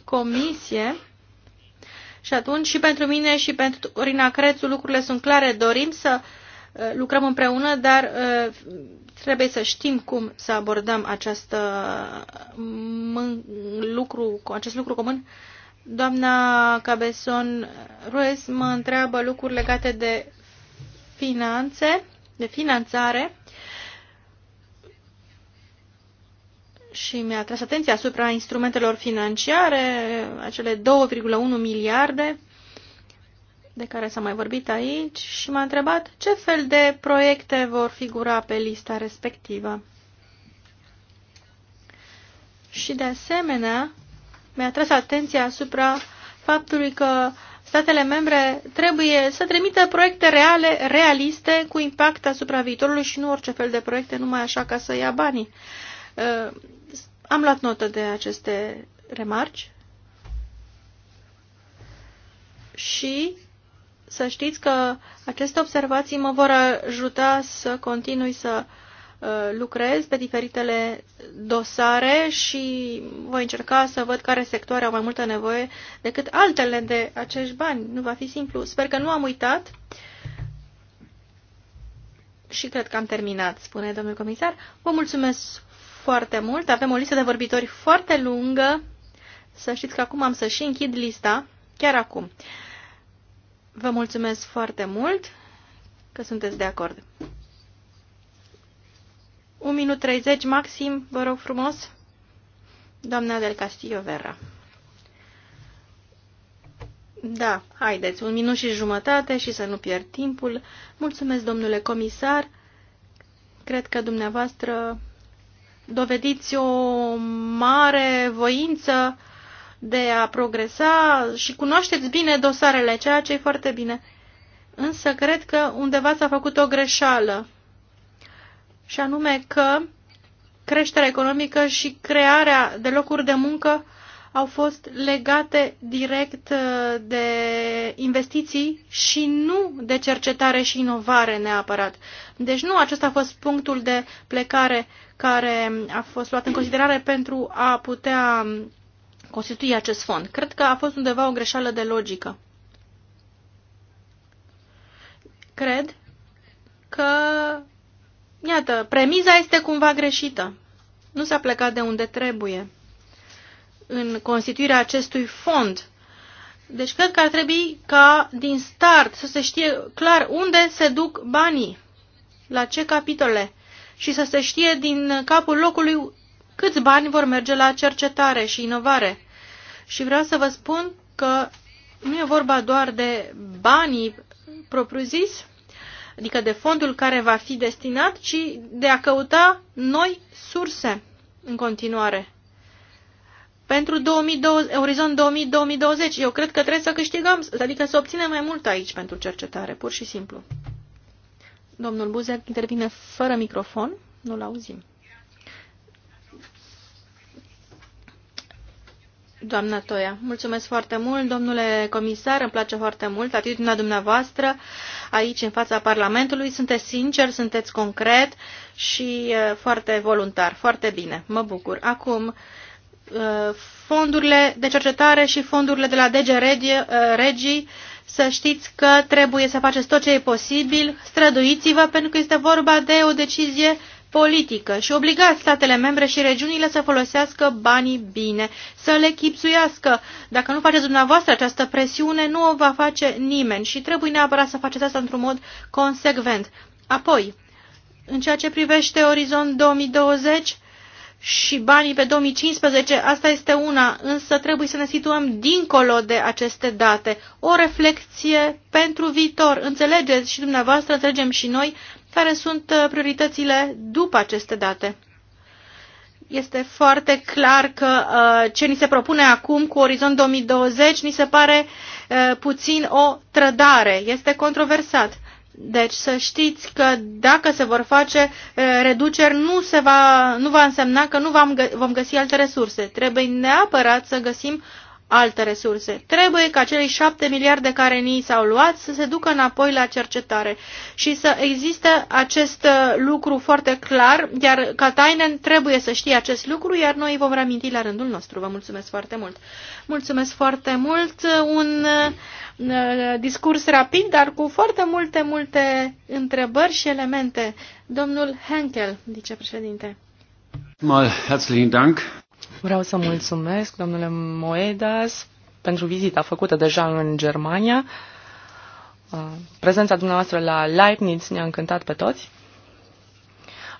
comisie. Și atunci și pentru mine și pentru Corina Crețu lucrurile sunt clare. Dorim să uh, Eh, lucrăm împreună, dar eh, trebuie să știm cum să abordăm acest lucru, acest lucru comun. Doamna Cabeson Ruiz mă întreabă lucruri legate de finanțe, de finanțare și mi-a tras atenția asupra instrumentelor financiare, acele 2,1 miliarde de care s-a mai vorbit aici și m-a întrebat ce fel de proiecte vor figura pe lista respectivă. Și de asemenea, mi-a tras atenția asupra faptului că statele membre trebuie să trimită proiecte reale, realiste, cu impact asupra viitorului și nu orice fel de proiecte, numai așa ca să ia banii. Uh, am luat notă de aceste remarci și să știți că aceste observații mă vor ajuta să continui să uh, lucrez pe diferitele dosare și voi încerca să văd care sectoare au mai multă nevoie decât altele de acești bani. Nu va fi simplu. Sper că nu am uitat și cred că am terminat, spune domnul comisar. Vă mulțumesc foarte mult. Avem o listă de vorbitori foarte lungă. Să știți că acum am să și închid lista, chiar acum. Vă mulțumesc foarte mult că sunteți de acord. 1 minut 30 maxim, vă rog frumos. Doamna del Castillo Vera. Da, haideți, un minut și jumătate și să nu pierd timpul. Mulțumesc, domnule comisar. Cred că dumneavoastră dovediți o mare voință de a progresa și cunoașteți bine dosarele, ceea ce e foarte bine. Însă cred că undeva s-a făcut o greșeală și anume că creșterea economică și crearea de locuri de muncă au fost legate direct uh, de investiții și nu de cercetare și inovare neapărat. Deci nu acesta a fost punctul de plecare care a fost luat în considerare pentru a putea Constituie acest fond. Cred că a fost undeva o greșeală de logică. Cred că, iată, premiza este cumva greșită. Nu s-a plecat de unde trebuie în constituirea acestui fond. Deci cred că ar trebui ca din start să se știe clar unde se duc banii, la ce capitole și să se știe din capul locului Câți bani vor merge la cercetare și inovare? Și vreau să vă spun că nu e vorba doar de banii propriu-zis, adică de fondul care va fi destinat, ci de a căuta noi surse în continuare. Pentru 2020, Orizont 2020, eu cred că trebuie să câștigăm, adică să obținem mai mult aici pentru cercetare, pur și simplu. Domnul Buzek intervine fără microfon, nu-l auzim. Doamnă Toia, mulțumesc foarte mult, domnule comisar, îmi place foarte mult atitudinea dumneavoastră aici în fața Parlamentului. Sunteți sincer, sunteți concret și foarte voluntar, foarte bine, mă bucur. Acum, fondurile de cercetare și fondurile de la DG Regii, să știți că trebuie să faceți tot ce e posibil, străduiți-vă pentru că este vorba de o decizie politică și obliga statele membre și regiunile să folosească banii bine, să le chipsuiască. Dacă nu faceți dumneavoastră această presiune, nu o va face nimeni și trebuie neapărat să faceți asta într-un mod consecvent. Apoi, în ceea ce privește Orizont 2020 și banii pe 2015, asta este una, însă trebuie să ne situăm dincolo de aceste date. O reflexie pentru viitor. Înțelegeți și dumneavoastră, înțelegem și noi care sunt uh, prioritățile după aceste date. Este foarte clar că uh, ce ni se propune acum cu Orizont 2020 ni se pare uh, puțin o trădare. Este controversat. Deci să știți că dacă se vor face reduceri, nu, se va, nu va însemna că nu vom găsi alte resurse. Trebuie neapărat să găsim alte resurse. Trebuie ca cei șapte miliarde care ni s-au luat să se ducă înapoi la cercetare și să existe acest uh, lucru foarte clar, iar Katainen trebuie să știe acest lucru, iar noi vom reaminti la rândul nostru. Vă mulțumesc foarte mult! Mulțumesc foarte mult! Un uh, uh, discurs rapid, dar cu foarte multe, multe întrebări și elemente. Domnul Henkel, vicepreședinte. Mal herzlichen
Dank.
Vreau să mulțumesc, domnule Moedas, pentru vizita făcută deja în Germania. Uh, prezența dumneavoastră la Leibniz ne-a încântat pe toți.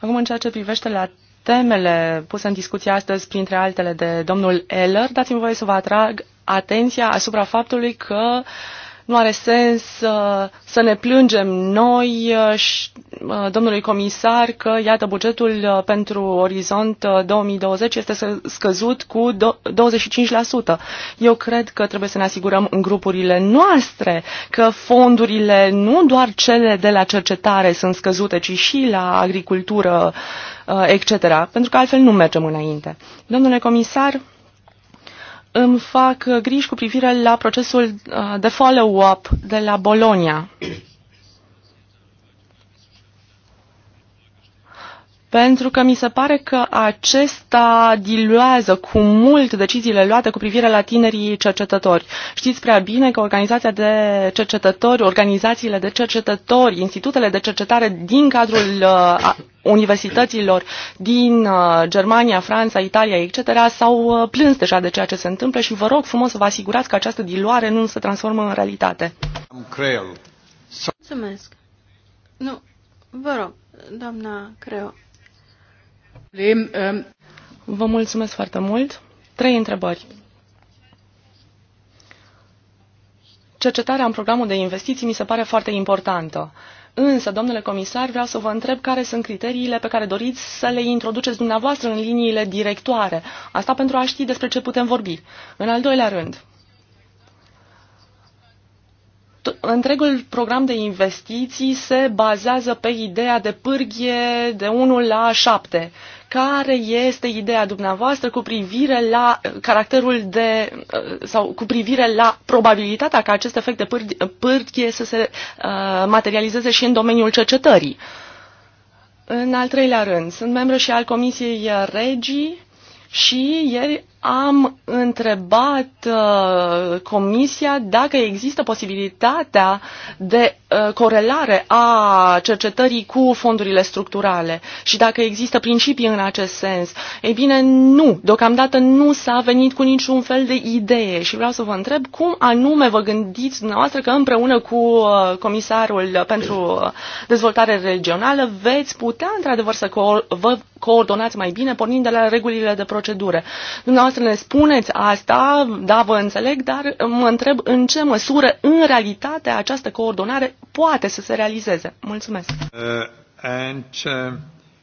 Acum, în ceea ce privește la temele puse în discuție astăzi, printre altele de domnul Eller, dați-mi voie să vă atrag atenția asupra faptului că uh, nu are sens uh, să ne plângem noi uh, uh, domnului comisar că, iată, bugetul pentru Orizont 2020 este scăzut cu 25%. Eu cred că trebuie să ne asigurăm în grupurile noastre că fondurile, nu doar cele de la cercetare sunt scăzute, ci și la agricultură, etc., pentru că altfel nu mergem înainte. Domnule comisar, îmi fac griji cu privire la procesul uh, de follow-up de la Bologna. pentru că mi se pare că acesta diluează cu mult deciziile luate cu privire la tinerii cercetători. Știți prea bine că organizația de cercetători, organizațiile de cercetători, institutele de cercetare din cadrul uh, universităților din uh, Germania, Franța, Italia, etc., s-au uh, plâns deja de ceea ce se întâmplă și vă rog frumos să vă asigurați că această diluare nu se transformă în realitate.
Mulțumesc. Nu, vă rog, doamna Creu.
Ehm, vă mulțumesc foarte mult. Trei întrebări. Cercetarea în programul de investiții mi se pare foarte importantă. Însă, domnule comisar, vreau să vă întreb care sunt criteriile pe care doriți să le introduceți dumneavoastră în liniile directoare. Asta pentru a ști despre ce putem vorbi. În al doilea rând, întregul program de investiții se bazează pe ideea de pârghie de 1 la 7 care este ideea dumneavoastră cu privire la caracterul de sau cu privire la probabilitatea ca acest efect de pâr- pârghie să se uh, materializeze și în domeniul cercetării. În al treilea rând, sunt membru și al Comisiei Regii și ieri am întrebat uh, Comisia dacă există posibilitatea de uh, corelare a cercetării cu fondurile structurale și dacă există principii în acest sens. Ei bine, nu. Deocamdată nu s-a venit cu niciun fel de idee și vreau să vă întreb cum anume vă gândiți dumneavoastră că împreună cu uh, Comisarul pentru uh, Dezvoltare Regională veți putea într-adevăr să co vă coordonați mai bine pornind de la regulile de procedură. Dumneavoastră dumneavoastră ne spuneți asta, da, vă înțeleg, dar mă întreb în ce măsură, în realitate, această coordonare poate să se realizeze. Mulțumesc.
Uh, and, uh,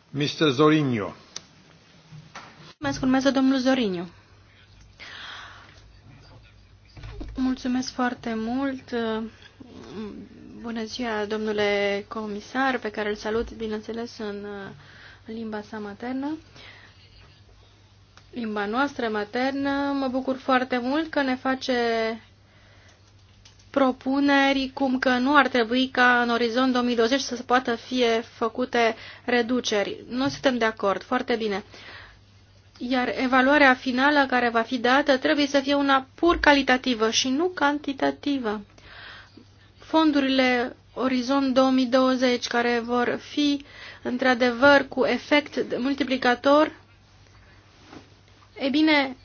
Mr. Zorinio. Mulțumesc, urmează domnul Zorinio. Mulțumesc foarte mult. Bună ziua, domnule comisar, pe care îl salut, bineînțeles, în uh, limba sa maternă. Uh, limba noastră maternă. Mă bucur foarte mult că ne face propuneri cum că nu ar trebui ca în orizont 2020 să se poată fi făcute reduceri. Nu suntem de acord. Foarte bine. Iar evaluarea finală care va fi dată trebuie să fie una pur calitativă și nu cantitativă. Fondurile Orizont 2020 care vor fi într-adevăr cu efect multiplicator E bine,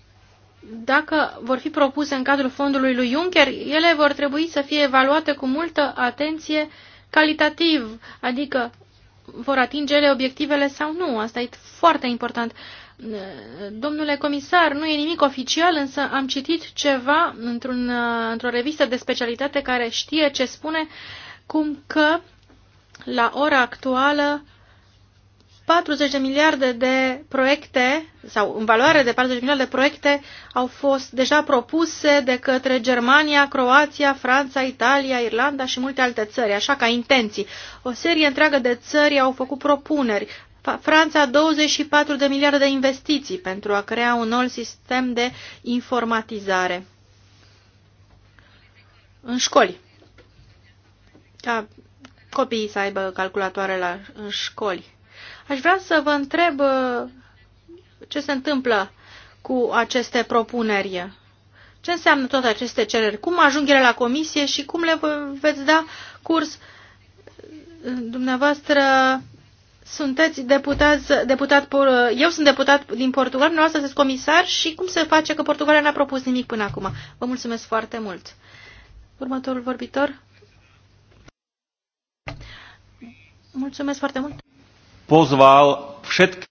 dacă vor fi propuse în cadrul fondului lui Juncker, ele vor trebui să fie evaluate cu multă atenție calitativ, adică vor atinge ele obiectivele sau nu. Asta e foarte important. Domnule comisar, nu e nimic oficial, însă am citit ceva într o într-o revistă de specialitate care știe ce spune, cum că la ora actuală 40 de miliarde de proiecte, sau în valoare de 40 de miliarde de proiecte, au fost deja propuse de către Germania, Croația, Franța, Italia, Irlanda și multe alte țări, așa ca intenții. O serie întreagă de țări au făcut propuneri. Franța 24 de miliarde de investiții pentru a crea un nou sistem de informatizare în școli. Ca copiii să aibă calculatoare la, în școli. Aș vrea să vă întreb uh, ce se întâmplă cu aceste propuneri. Ce înseamnă toate aceste cereri? Cum ajung ele la comisie și cum le veți da curs? Dumneavoastră sunteți deputați, deputat, eu sunt deputat din Portugal, dumneavoastră sunteți comisar și cum se face că Portugalia n-a propus nimic până acum? Vă mulțumesc foarte mult. Următorul vorbitor. Mulțumesc foarte mult pozval všetky.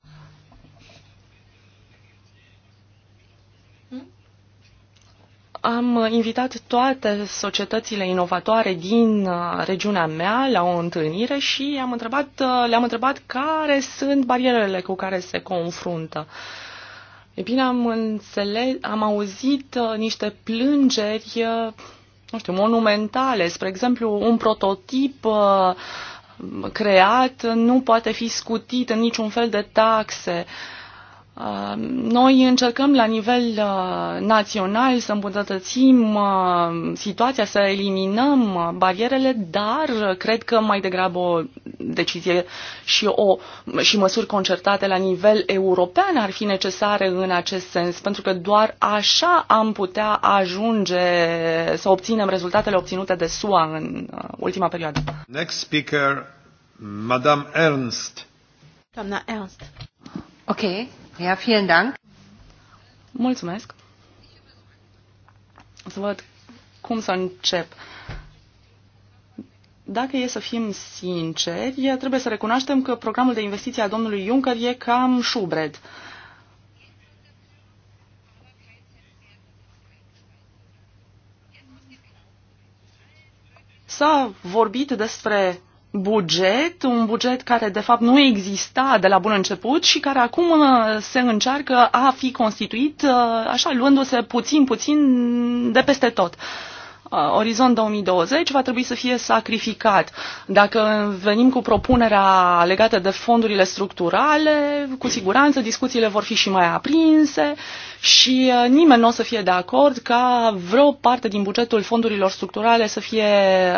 Am invitat toate societățile inovatoare din uh, regiunea mea la o întâlnire și am întrebat, uh, le-am întrebat care sunt barierele cu care se confruntă. E bine, am înțeles, am auzit uh, niște plângeri, nu știu, monumentale. Spre exemplu, un prototip uh, creat nu poate fi scutit în niciun fel de taxe uh, Uh, noi încercăm la nivel uh, național să îmbunătățim uh, situația, să eliminăm barierele, dar cred că mai degrabă o decizie și, o, și măsuri concertate la nivel european ar fi necesare în acest sens, pentru că doar așa am putea ajunge să obținem rezultatele obținute de SUA în ultima perioadă.
Next speaker, Madame Ernst.
Doamna Ernst. Okay. Ja, vielen Dank. Mulțumesc. Să văd cum să încep. Dacă e să fim sinceri, trebuie să recunoaștem că programul de investiție a domnului Juncker e cam șubred. S-a vorbit despre buget, un buget care de fapt nu exista de la bun început și care acum uh, se încearcă a fi constituit uh, așa luându-se puțin puțin de peste tot. Uh, Orizont 2020 va trebui să fie sacrificat. Dacă venim cu propunerea legată de fondurile structurale, cu siguranță discuțiile vor fi și mai aprinse și nimeni nu o să fie de acord ca vreo parte din bugetul fondurilor structurale să fie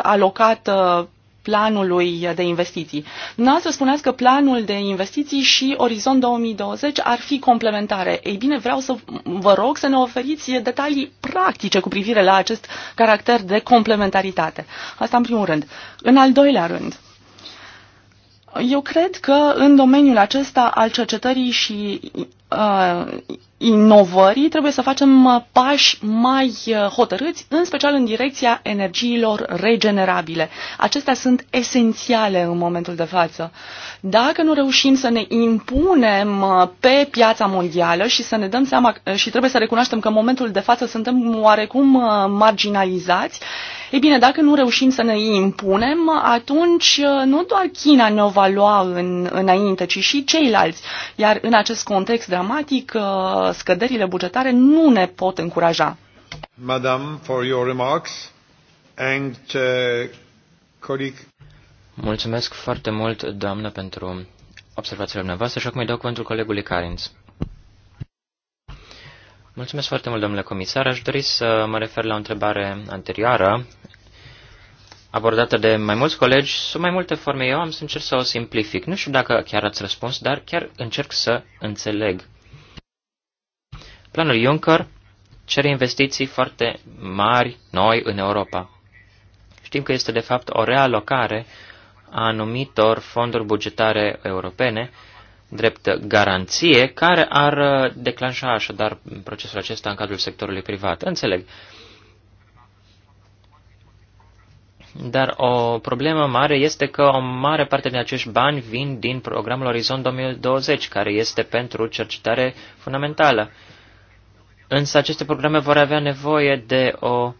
alocată planului de investiții. Dumneavoastră spuneați că planul de investiții și Orizont 2020 ar fi complementare. Ei bine, vreau să vă rog să ne oferiți detalii practice cu privire la acest caracter de complementaritate. Asta în primul rând. În al doilea rând, eu cred că în domeniul acesta al cercetării și uh, inovării trebuie să facem uh, pași mai uh, hotărâți, în special în direcția energiilor regenerabile. Acestea sunt esențiale în momentul de față. Dacă nu reușim să ne impunem uh, pe piața mondială și să ne dăm seama și trebuie să recunoaștem că în momentul de față suntem oarecum marginalizați, ei bine, dacă nu reușim să ne impunem, atunci nu doar China ne va lua în, înainte, ci și ceilalți. Iar în acest context dramatic, scăderile bugetare nu ne pot încuraja.
Madam, for your remarks and uh, colleague. Mulțumesc foarte mult, doamnă, pentru observațiile dumneavoastră și acum îi dau cuvântul colegului Carinț. Mulțumesc foarte mult, domnule comisar. Aș dori să mă refer la o întrebare anterioară abordată de mai mulți colegi sub mai multe forme. Eu am să încerc să o simplific. Nu știu dacă chiar ați răspuns, dar chiar încerc să înțeleg. Planul Juncker cere investiții foarte mari, noi, în Europa. Știm că este de fapt o realocare a anumitor fonduri bugetare europene, drept garanție, care ar uh, declanșa așadar procesul acesta în cadrul sectorului privat. Înțeleg. Dar o problemă mare este că o mare parte din acești bani vin din programul Orizont 2020, care este pentru cercetare fundamentală. Însă aceste programe vor avea nevoie de o,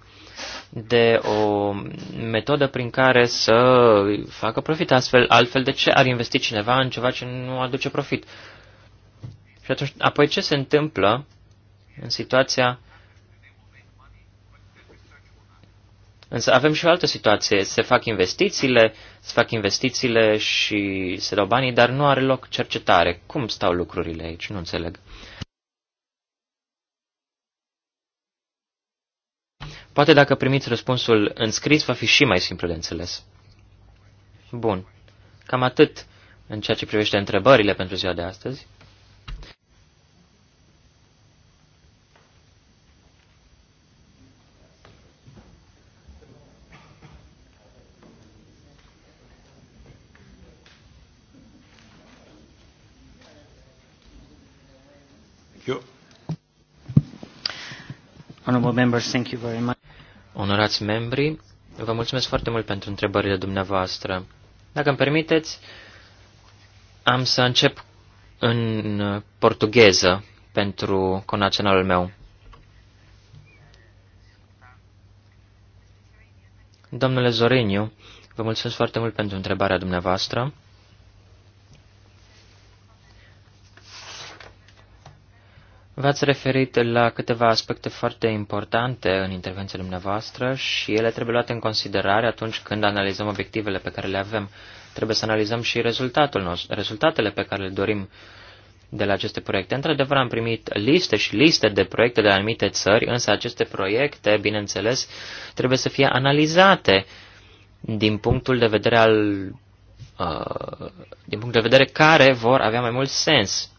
de o metodă prin care să facă profit. Astfel, altfel, de ce ar investi cineva în ceva ce nu aduce profit? Și atunci, apoi ce se întâmplă în situația Însă avem și o altă situație. Se fac investițiile, se fac investițiile și se dau banii, dar nu are loc cercetare. Cum stau lucrurile aici? Nu înțeleg. Poate dacă primiți răspunsul în scris, va fi și mai simplu de înțeles. Bun. Cam atât în ceea ce privește întrebările pentru ziua de astăzi. Honorable members, thank you very much. Onorați membri, vă mulțumesc foarte mult pentru întrebările dumneavoastră. Dacă îmi permiteți, am să încep în portugheză pentru conaționalul meu. Domnule Zoriniu, vă mulțumesc foarte mult pentru întrebarea dumneavoastră. V-ați referit la câteva aspecte foarte importante în intervenția dumneavoastră și ele trebuie luate în considerare atunci când analizăm obiectivele pe care le avem. Trebuie să analizăm și rezultatul nostru, rezultatele pe care le dorim de la aceste proiecte. Într-adevăr, am primit liste și liste de proiecte de anumite țări, însă aceste proiecte, bineînțeles, trebuie să fie analizate din punctul de vedere al uh, din punct de vedere care vor avea mai mult sens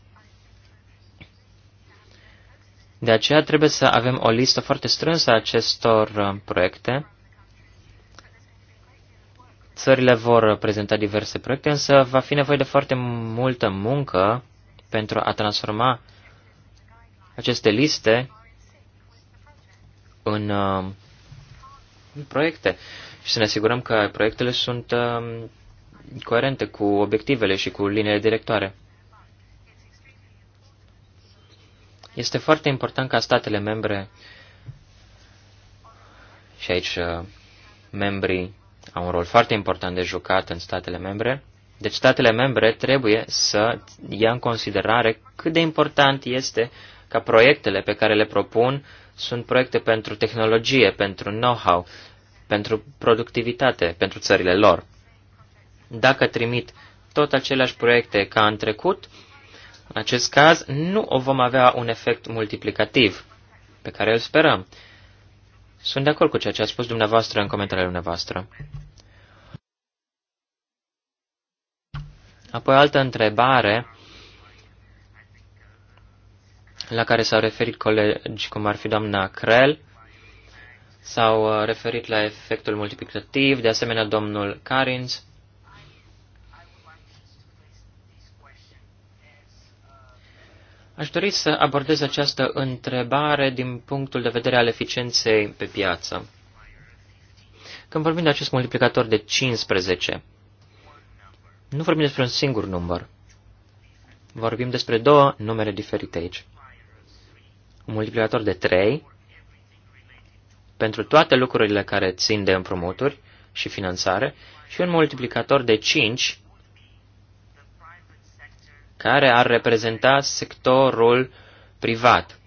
De aceea trebuie să avem o listă foarte strânsă a acestor uh, proiecte. Țările vor prezenta diverse proiecte, însă va fi nevoie de foarte multă muncă pentru a transforma aceste liste în, în uh, proiecte și să ne asigurăm că proiectele sunt uh, coerente cu obiectivele și cu liniile directoare. Este foarte important ca statele membre și aici uh, membrii au un rol foarte important de jucat în statele membre. Deci statele membre trebuie să ia în considerare cât de important este ca proiectele pe care le propun sunt proiecte pentru tehnologie, pentru know-how, pentru productivitate, pentru țările lor. Dacă trimit tot aceleași proiecte ca în trecut, în acest caz, nu o vom avea un efect multiplicativ pe care îl sperăm. Sunt de acord cu ceea ce a spus dumneavoastră în comentariile dumneavoastră. Apoi altă întrebare la care s-au referit colegi cum ar fi doamna Crel, s-au referit la efectul multiplicativ, de asemenea domnul Carins. Aș dori să abordez această întrebare din punctul de vedere al eficienței pe piață. Când vorbim de acest multiplicator de 15, nu vorbim despre un singur număr. Vorbim despre două numere diferite aici. Un multiplicator de 3 pentru toate lucrurile care țin de împrumuturi și finanțare și un multiplicator de 5 care ar reprezenta sectorul privat.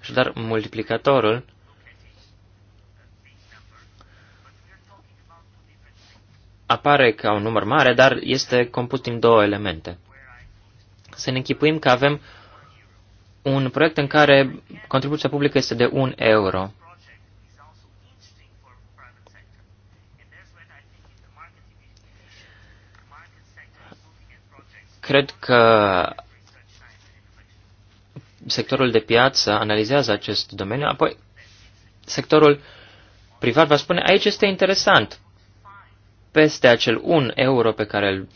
Așadar, multiplicatorul apare ca un număr mare, dar este compus din două elemente. Să ne închipuim că avem un proiect în care contribuția publică este de 1 euro. Cred că sectorul de piață analizează acest domeniu, apoi sectorul privat va spune, aici este interesant, peste acel 1 euro pe care îl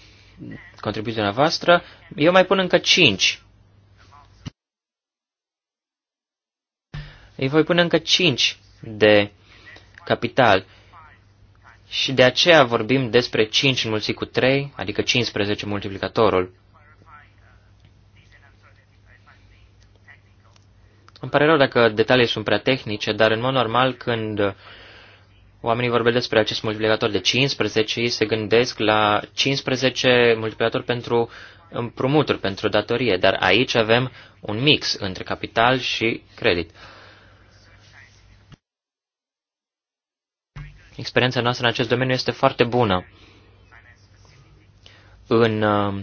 contribuți dumneavoastră, eu mai pun încă 5. Îi voi pune încă 5 de capital. Și de aceea vorbim despre 5 înmulțit cu 3, adică 15 multiplicatorul. Îmi pare rău dacă detalii sunt prea tehnice, dar în mod normal când oamenii vorbesc despre acest multiplicator de 15, ei se gândesc la 15 multiplicator pentru împrumuturi, pentru datorie, dar aici avem un mix între capital și credit. Experiența noastră în acest domeniu este foarte bună. În uh,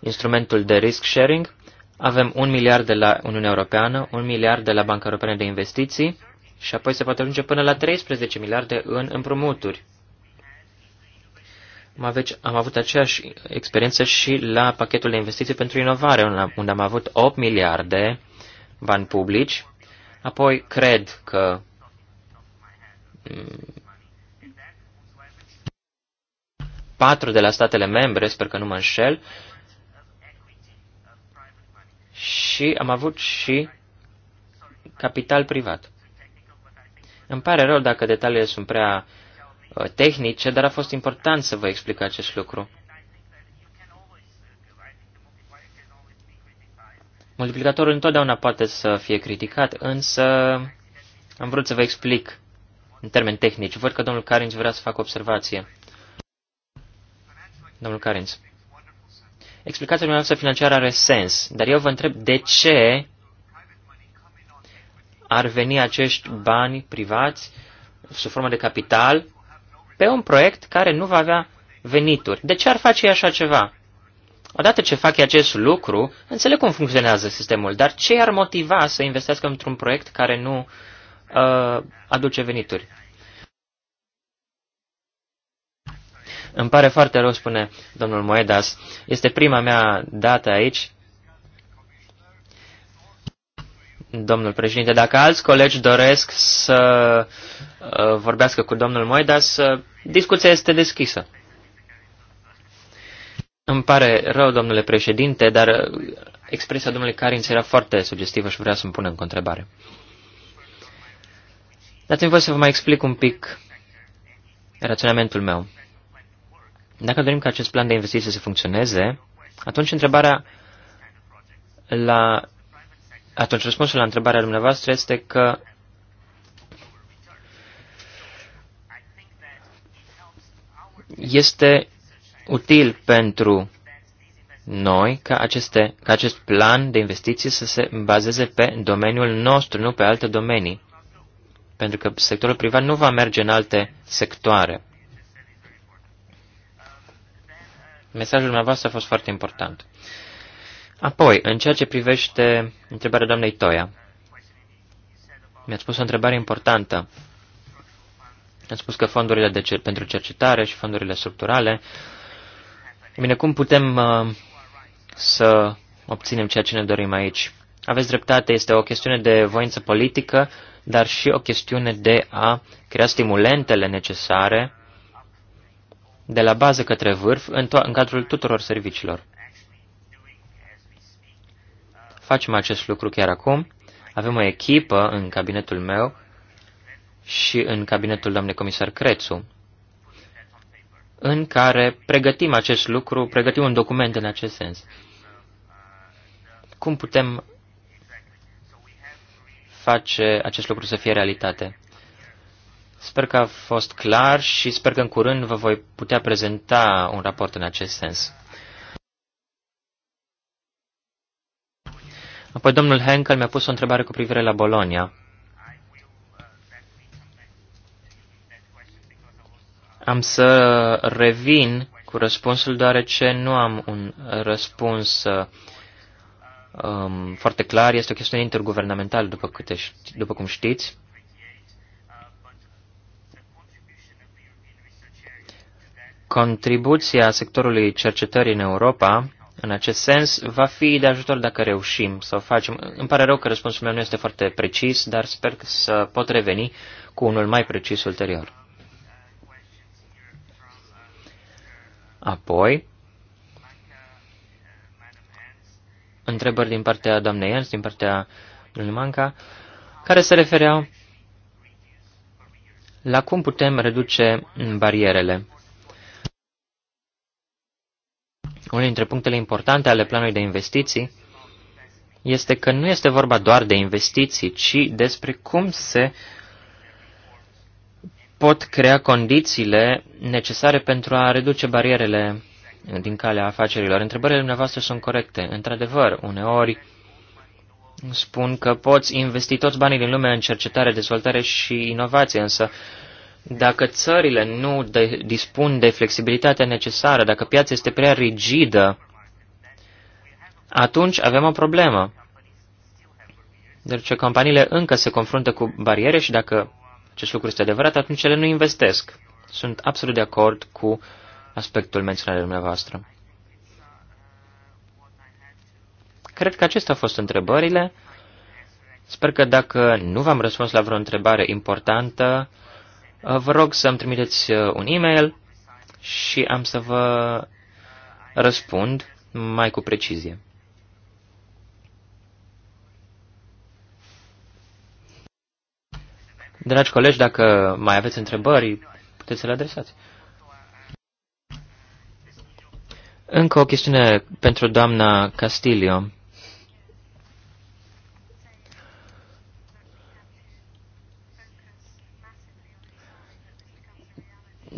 instrumentul de risk sharing avem un miliard de la Uniunea Europeană, un miliard de la Banca Europeană de Investiții și apoi se poate ajunge până la 13 miliarde în împrumuturi. Am, am avut aceeași experiență și la pachetul de investiții pentru inovare, unde am avut 8 miliarde bani publici. Apoi cred că patru de la statele membre, sper că nu mă înșel, și am avut și capital privat. Îmi pare rău dacă detaliile sunt prea uh, tehnice, dar a fost important să vă explic acest lucru. Multiplicatorul întotdeauna poate să fie criticat, însă am vrut să vă explic în termeni tehnici. Văd că domnul Carins vrea să facă observație. Domnul Carins explicația dumneavoastră financiară are sens, dar eu vă întreb de ce ar veni acești bani privați sub formă de capital pe un proiect care nu va avea venituri. De ce ar face ei așa ceva? Odată ce fac acest lucru, înțeleg cum funcționează sistemul, dar ce ar motiva să investească într-un proiect care nu uh, aduce venituri? Îmi pare foarte rău, spune domnul Moedas. Este prima mea dată aici. Domnul președinte, dacă alți colegi doresc să uh, vorbească cu domnul Moedas, uh, discuția este deschisă. Îmi pare rău, domnule președinte, dar uh, expresia domnului Carinț era foarte sugestivă și vreau să-mi pună în întrebare. Dați-mi voi să vă mai explic un pic raționamentul meu. Dacă dorim ca acest plan de investiții să funcționeze, atunci întrebarea la atunci răspunsul la întrebarea dumneavoastră este că este util pentru noi ca, aceste, ca acest plan de investiții să se bazeze pe domeniul nostru, nu pe alte domenii. Pentru că sectorul privat nu va merge în alte sectoare. Mesajul dumneavoastră a fost foarte important. Apoi, în ceea ce privește întrebarea doamnei Toia, mi-ați pus o întrebare importantă. Ați spus că fondurile de cer- pentru cercetare și fondurile structurale. Bine, cum putem uh, să obținem ceea ce ne dorim aici? Aveți dreptate, este o chestiune de voință politică, dar și o chestiune de a crea stimulentele necesare de la bază către vârf, în, în cadrul tuturor serviciilor. Facem acest lucru chiar acum. Avem o echipă în cabinetul meu și în cabinetul doamnei comisar Crețu, în care pregătim acest lucru, pregătim un document în acest sens. Cum putem face acest lucru să fie realitate? Sper că a fost clar și sper că în curând vă voi putea prezenta un raport în acest sens. Apoi domnul Henkel mi-a pus o întrebare cu privire la Bolonia. Am să revin cu răspunsul deoarece nu am un răspuns um, foarte clar. Este o chestiune interguvernamentală, după, câte, după cum știți. Contribuția sectorului cercetării în Europa, în acest sens, va fi de ajutor dacă reușim să o facem. Îmi pare rău că răspunsul meu nu este foarte precis, dar sper să pot reveni cu unul mai precis ulterior. Apoi, întrebări din partea doamnei Ernst, din partea domnului Manca, care se refereau la cum putem reduce barierele. Unul dintre punctele importante ale planului de investiții este că nu este vorba doar de investiții, ci despre cum se pot crea condițiile necesare pentru a reduce barierele din calea afacerilor. Întrebările dumneavoastră sunt corecte. Într-adevăr, uneori spun că poți investi toți banii din lume în cercetare, dezvoltare și inovație, însă dacă țările nu de, dispun de flexibilitatea necesară, dacă piața este prea rigidă, atunci avem o problemă. Deci companiile încă se confruntă cu bariere și dacă acest lucru este adevărat, atunci ele nu investesc. Sunt absolut de acord cu aspectul menționat de dumneavoastră. Cred că acestea au fost întrebările. Sper că dacă nu v-am răspuns la vreo întrebare importantă, Uh, vă rog să-mi trimiteți uh, un e-mail și am să vă răspund mai cu precizie. Dragi colegi, dacă mai aveți întrebări, puteți să le adresați. Încă o chestiune pentru doamna Castilio.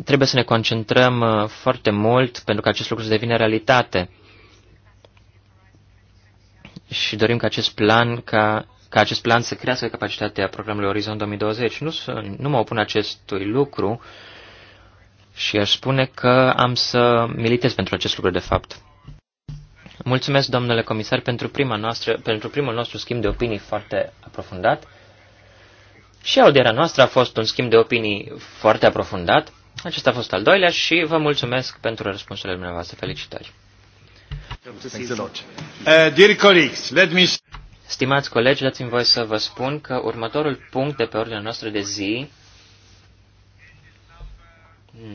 trebuie să ne concentrăm uh, foarte mult pentru că acest lucru să devină realitate. Și dorim ca acest plan, ca, ca acest plan să crească capacitatea programului Orizont 2020. Nu, nu mă opun acestui lucru și aș spune că am să militez pentru acest lucru de fapt. Mulțumesc, domnule comisar, pentru, prima noastră, pentru primul nostru schimb de opinii foarte aprofundat. Și audierea noastră a fost un schimb de opinii foarte aprofundat. Acesta a fost al doilea și vă mulțumesc pentru răspunsurile dumneavoastră. Felicitări! Stimați colegi, dați-mi voie să vă spun că următorul punct de pe ordinea noastră de zi,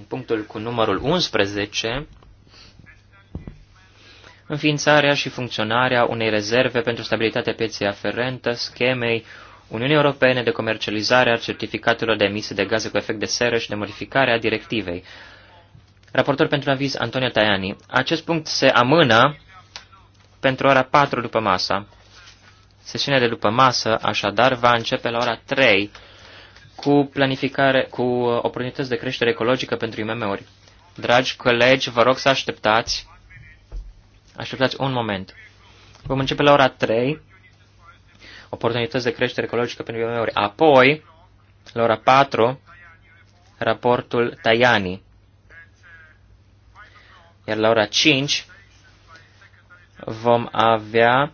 punctul cu numărul 11, înființarea și funcționarea unei rezerve pentru stabilitatea pieței aferentă, schemei Uniunea Europeană de comercializare a certificatelor de emisie de gaze cu efect de seră și de modificare a directivei. Raportor pentru aviz Antonio Tajani. Acest punct se amână pentru ora 4 după masa. Sesiunea de după masă, așadar, va începe la ora 3 cu planificare, cu oportunități de creștere ecologică pentru IMM-uri. Dragi colegi, vă rog să așteptați. Așteptați un moment. Vom începe la ora 3 oportunități de creștere ecologică pentru imm Apoi, la ora 4, raportul Tajani. Iar la ora 5 vom avea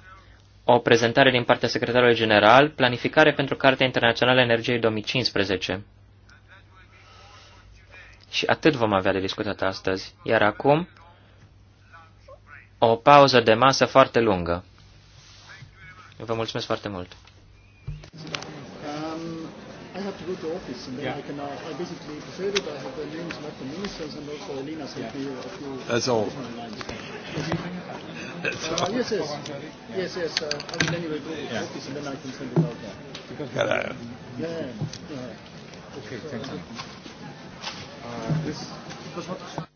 o prezentare din partea secretarului general, planificare pentru Cartea Internațională a Energiei 2015. Și atât vom avea de discutat astăzi. Iar acum, o pauză de masă foarte lungă. Vă mulțumesc foarte mult. Um, I have to go to office and then yeah. I can uh,
I basically prefer it. I have the names of the ministers and also Alina's yeah. a a few That's all. Lines.
That's uh, all. Yes, yes. Yes, yes. Uh,
I will anyway go to yeah. office and then I can send it out there. Because Can I? Yeah, yeah. yeah. Okay, so, thanks.
Uh, this was what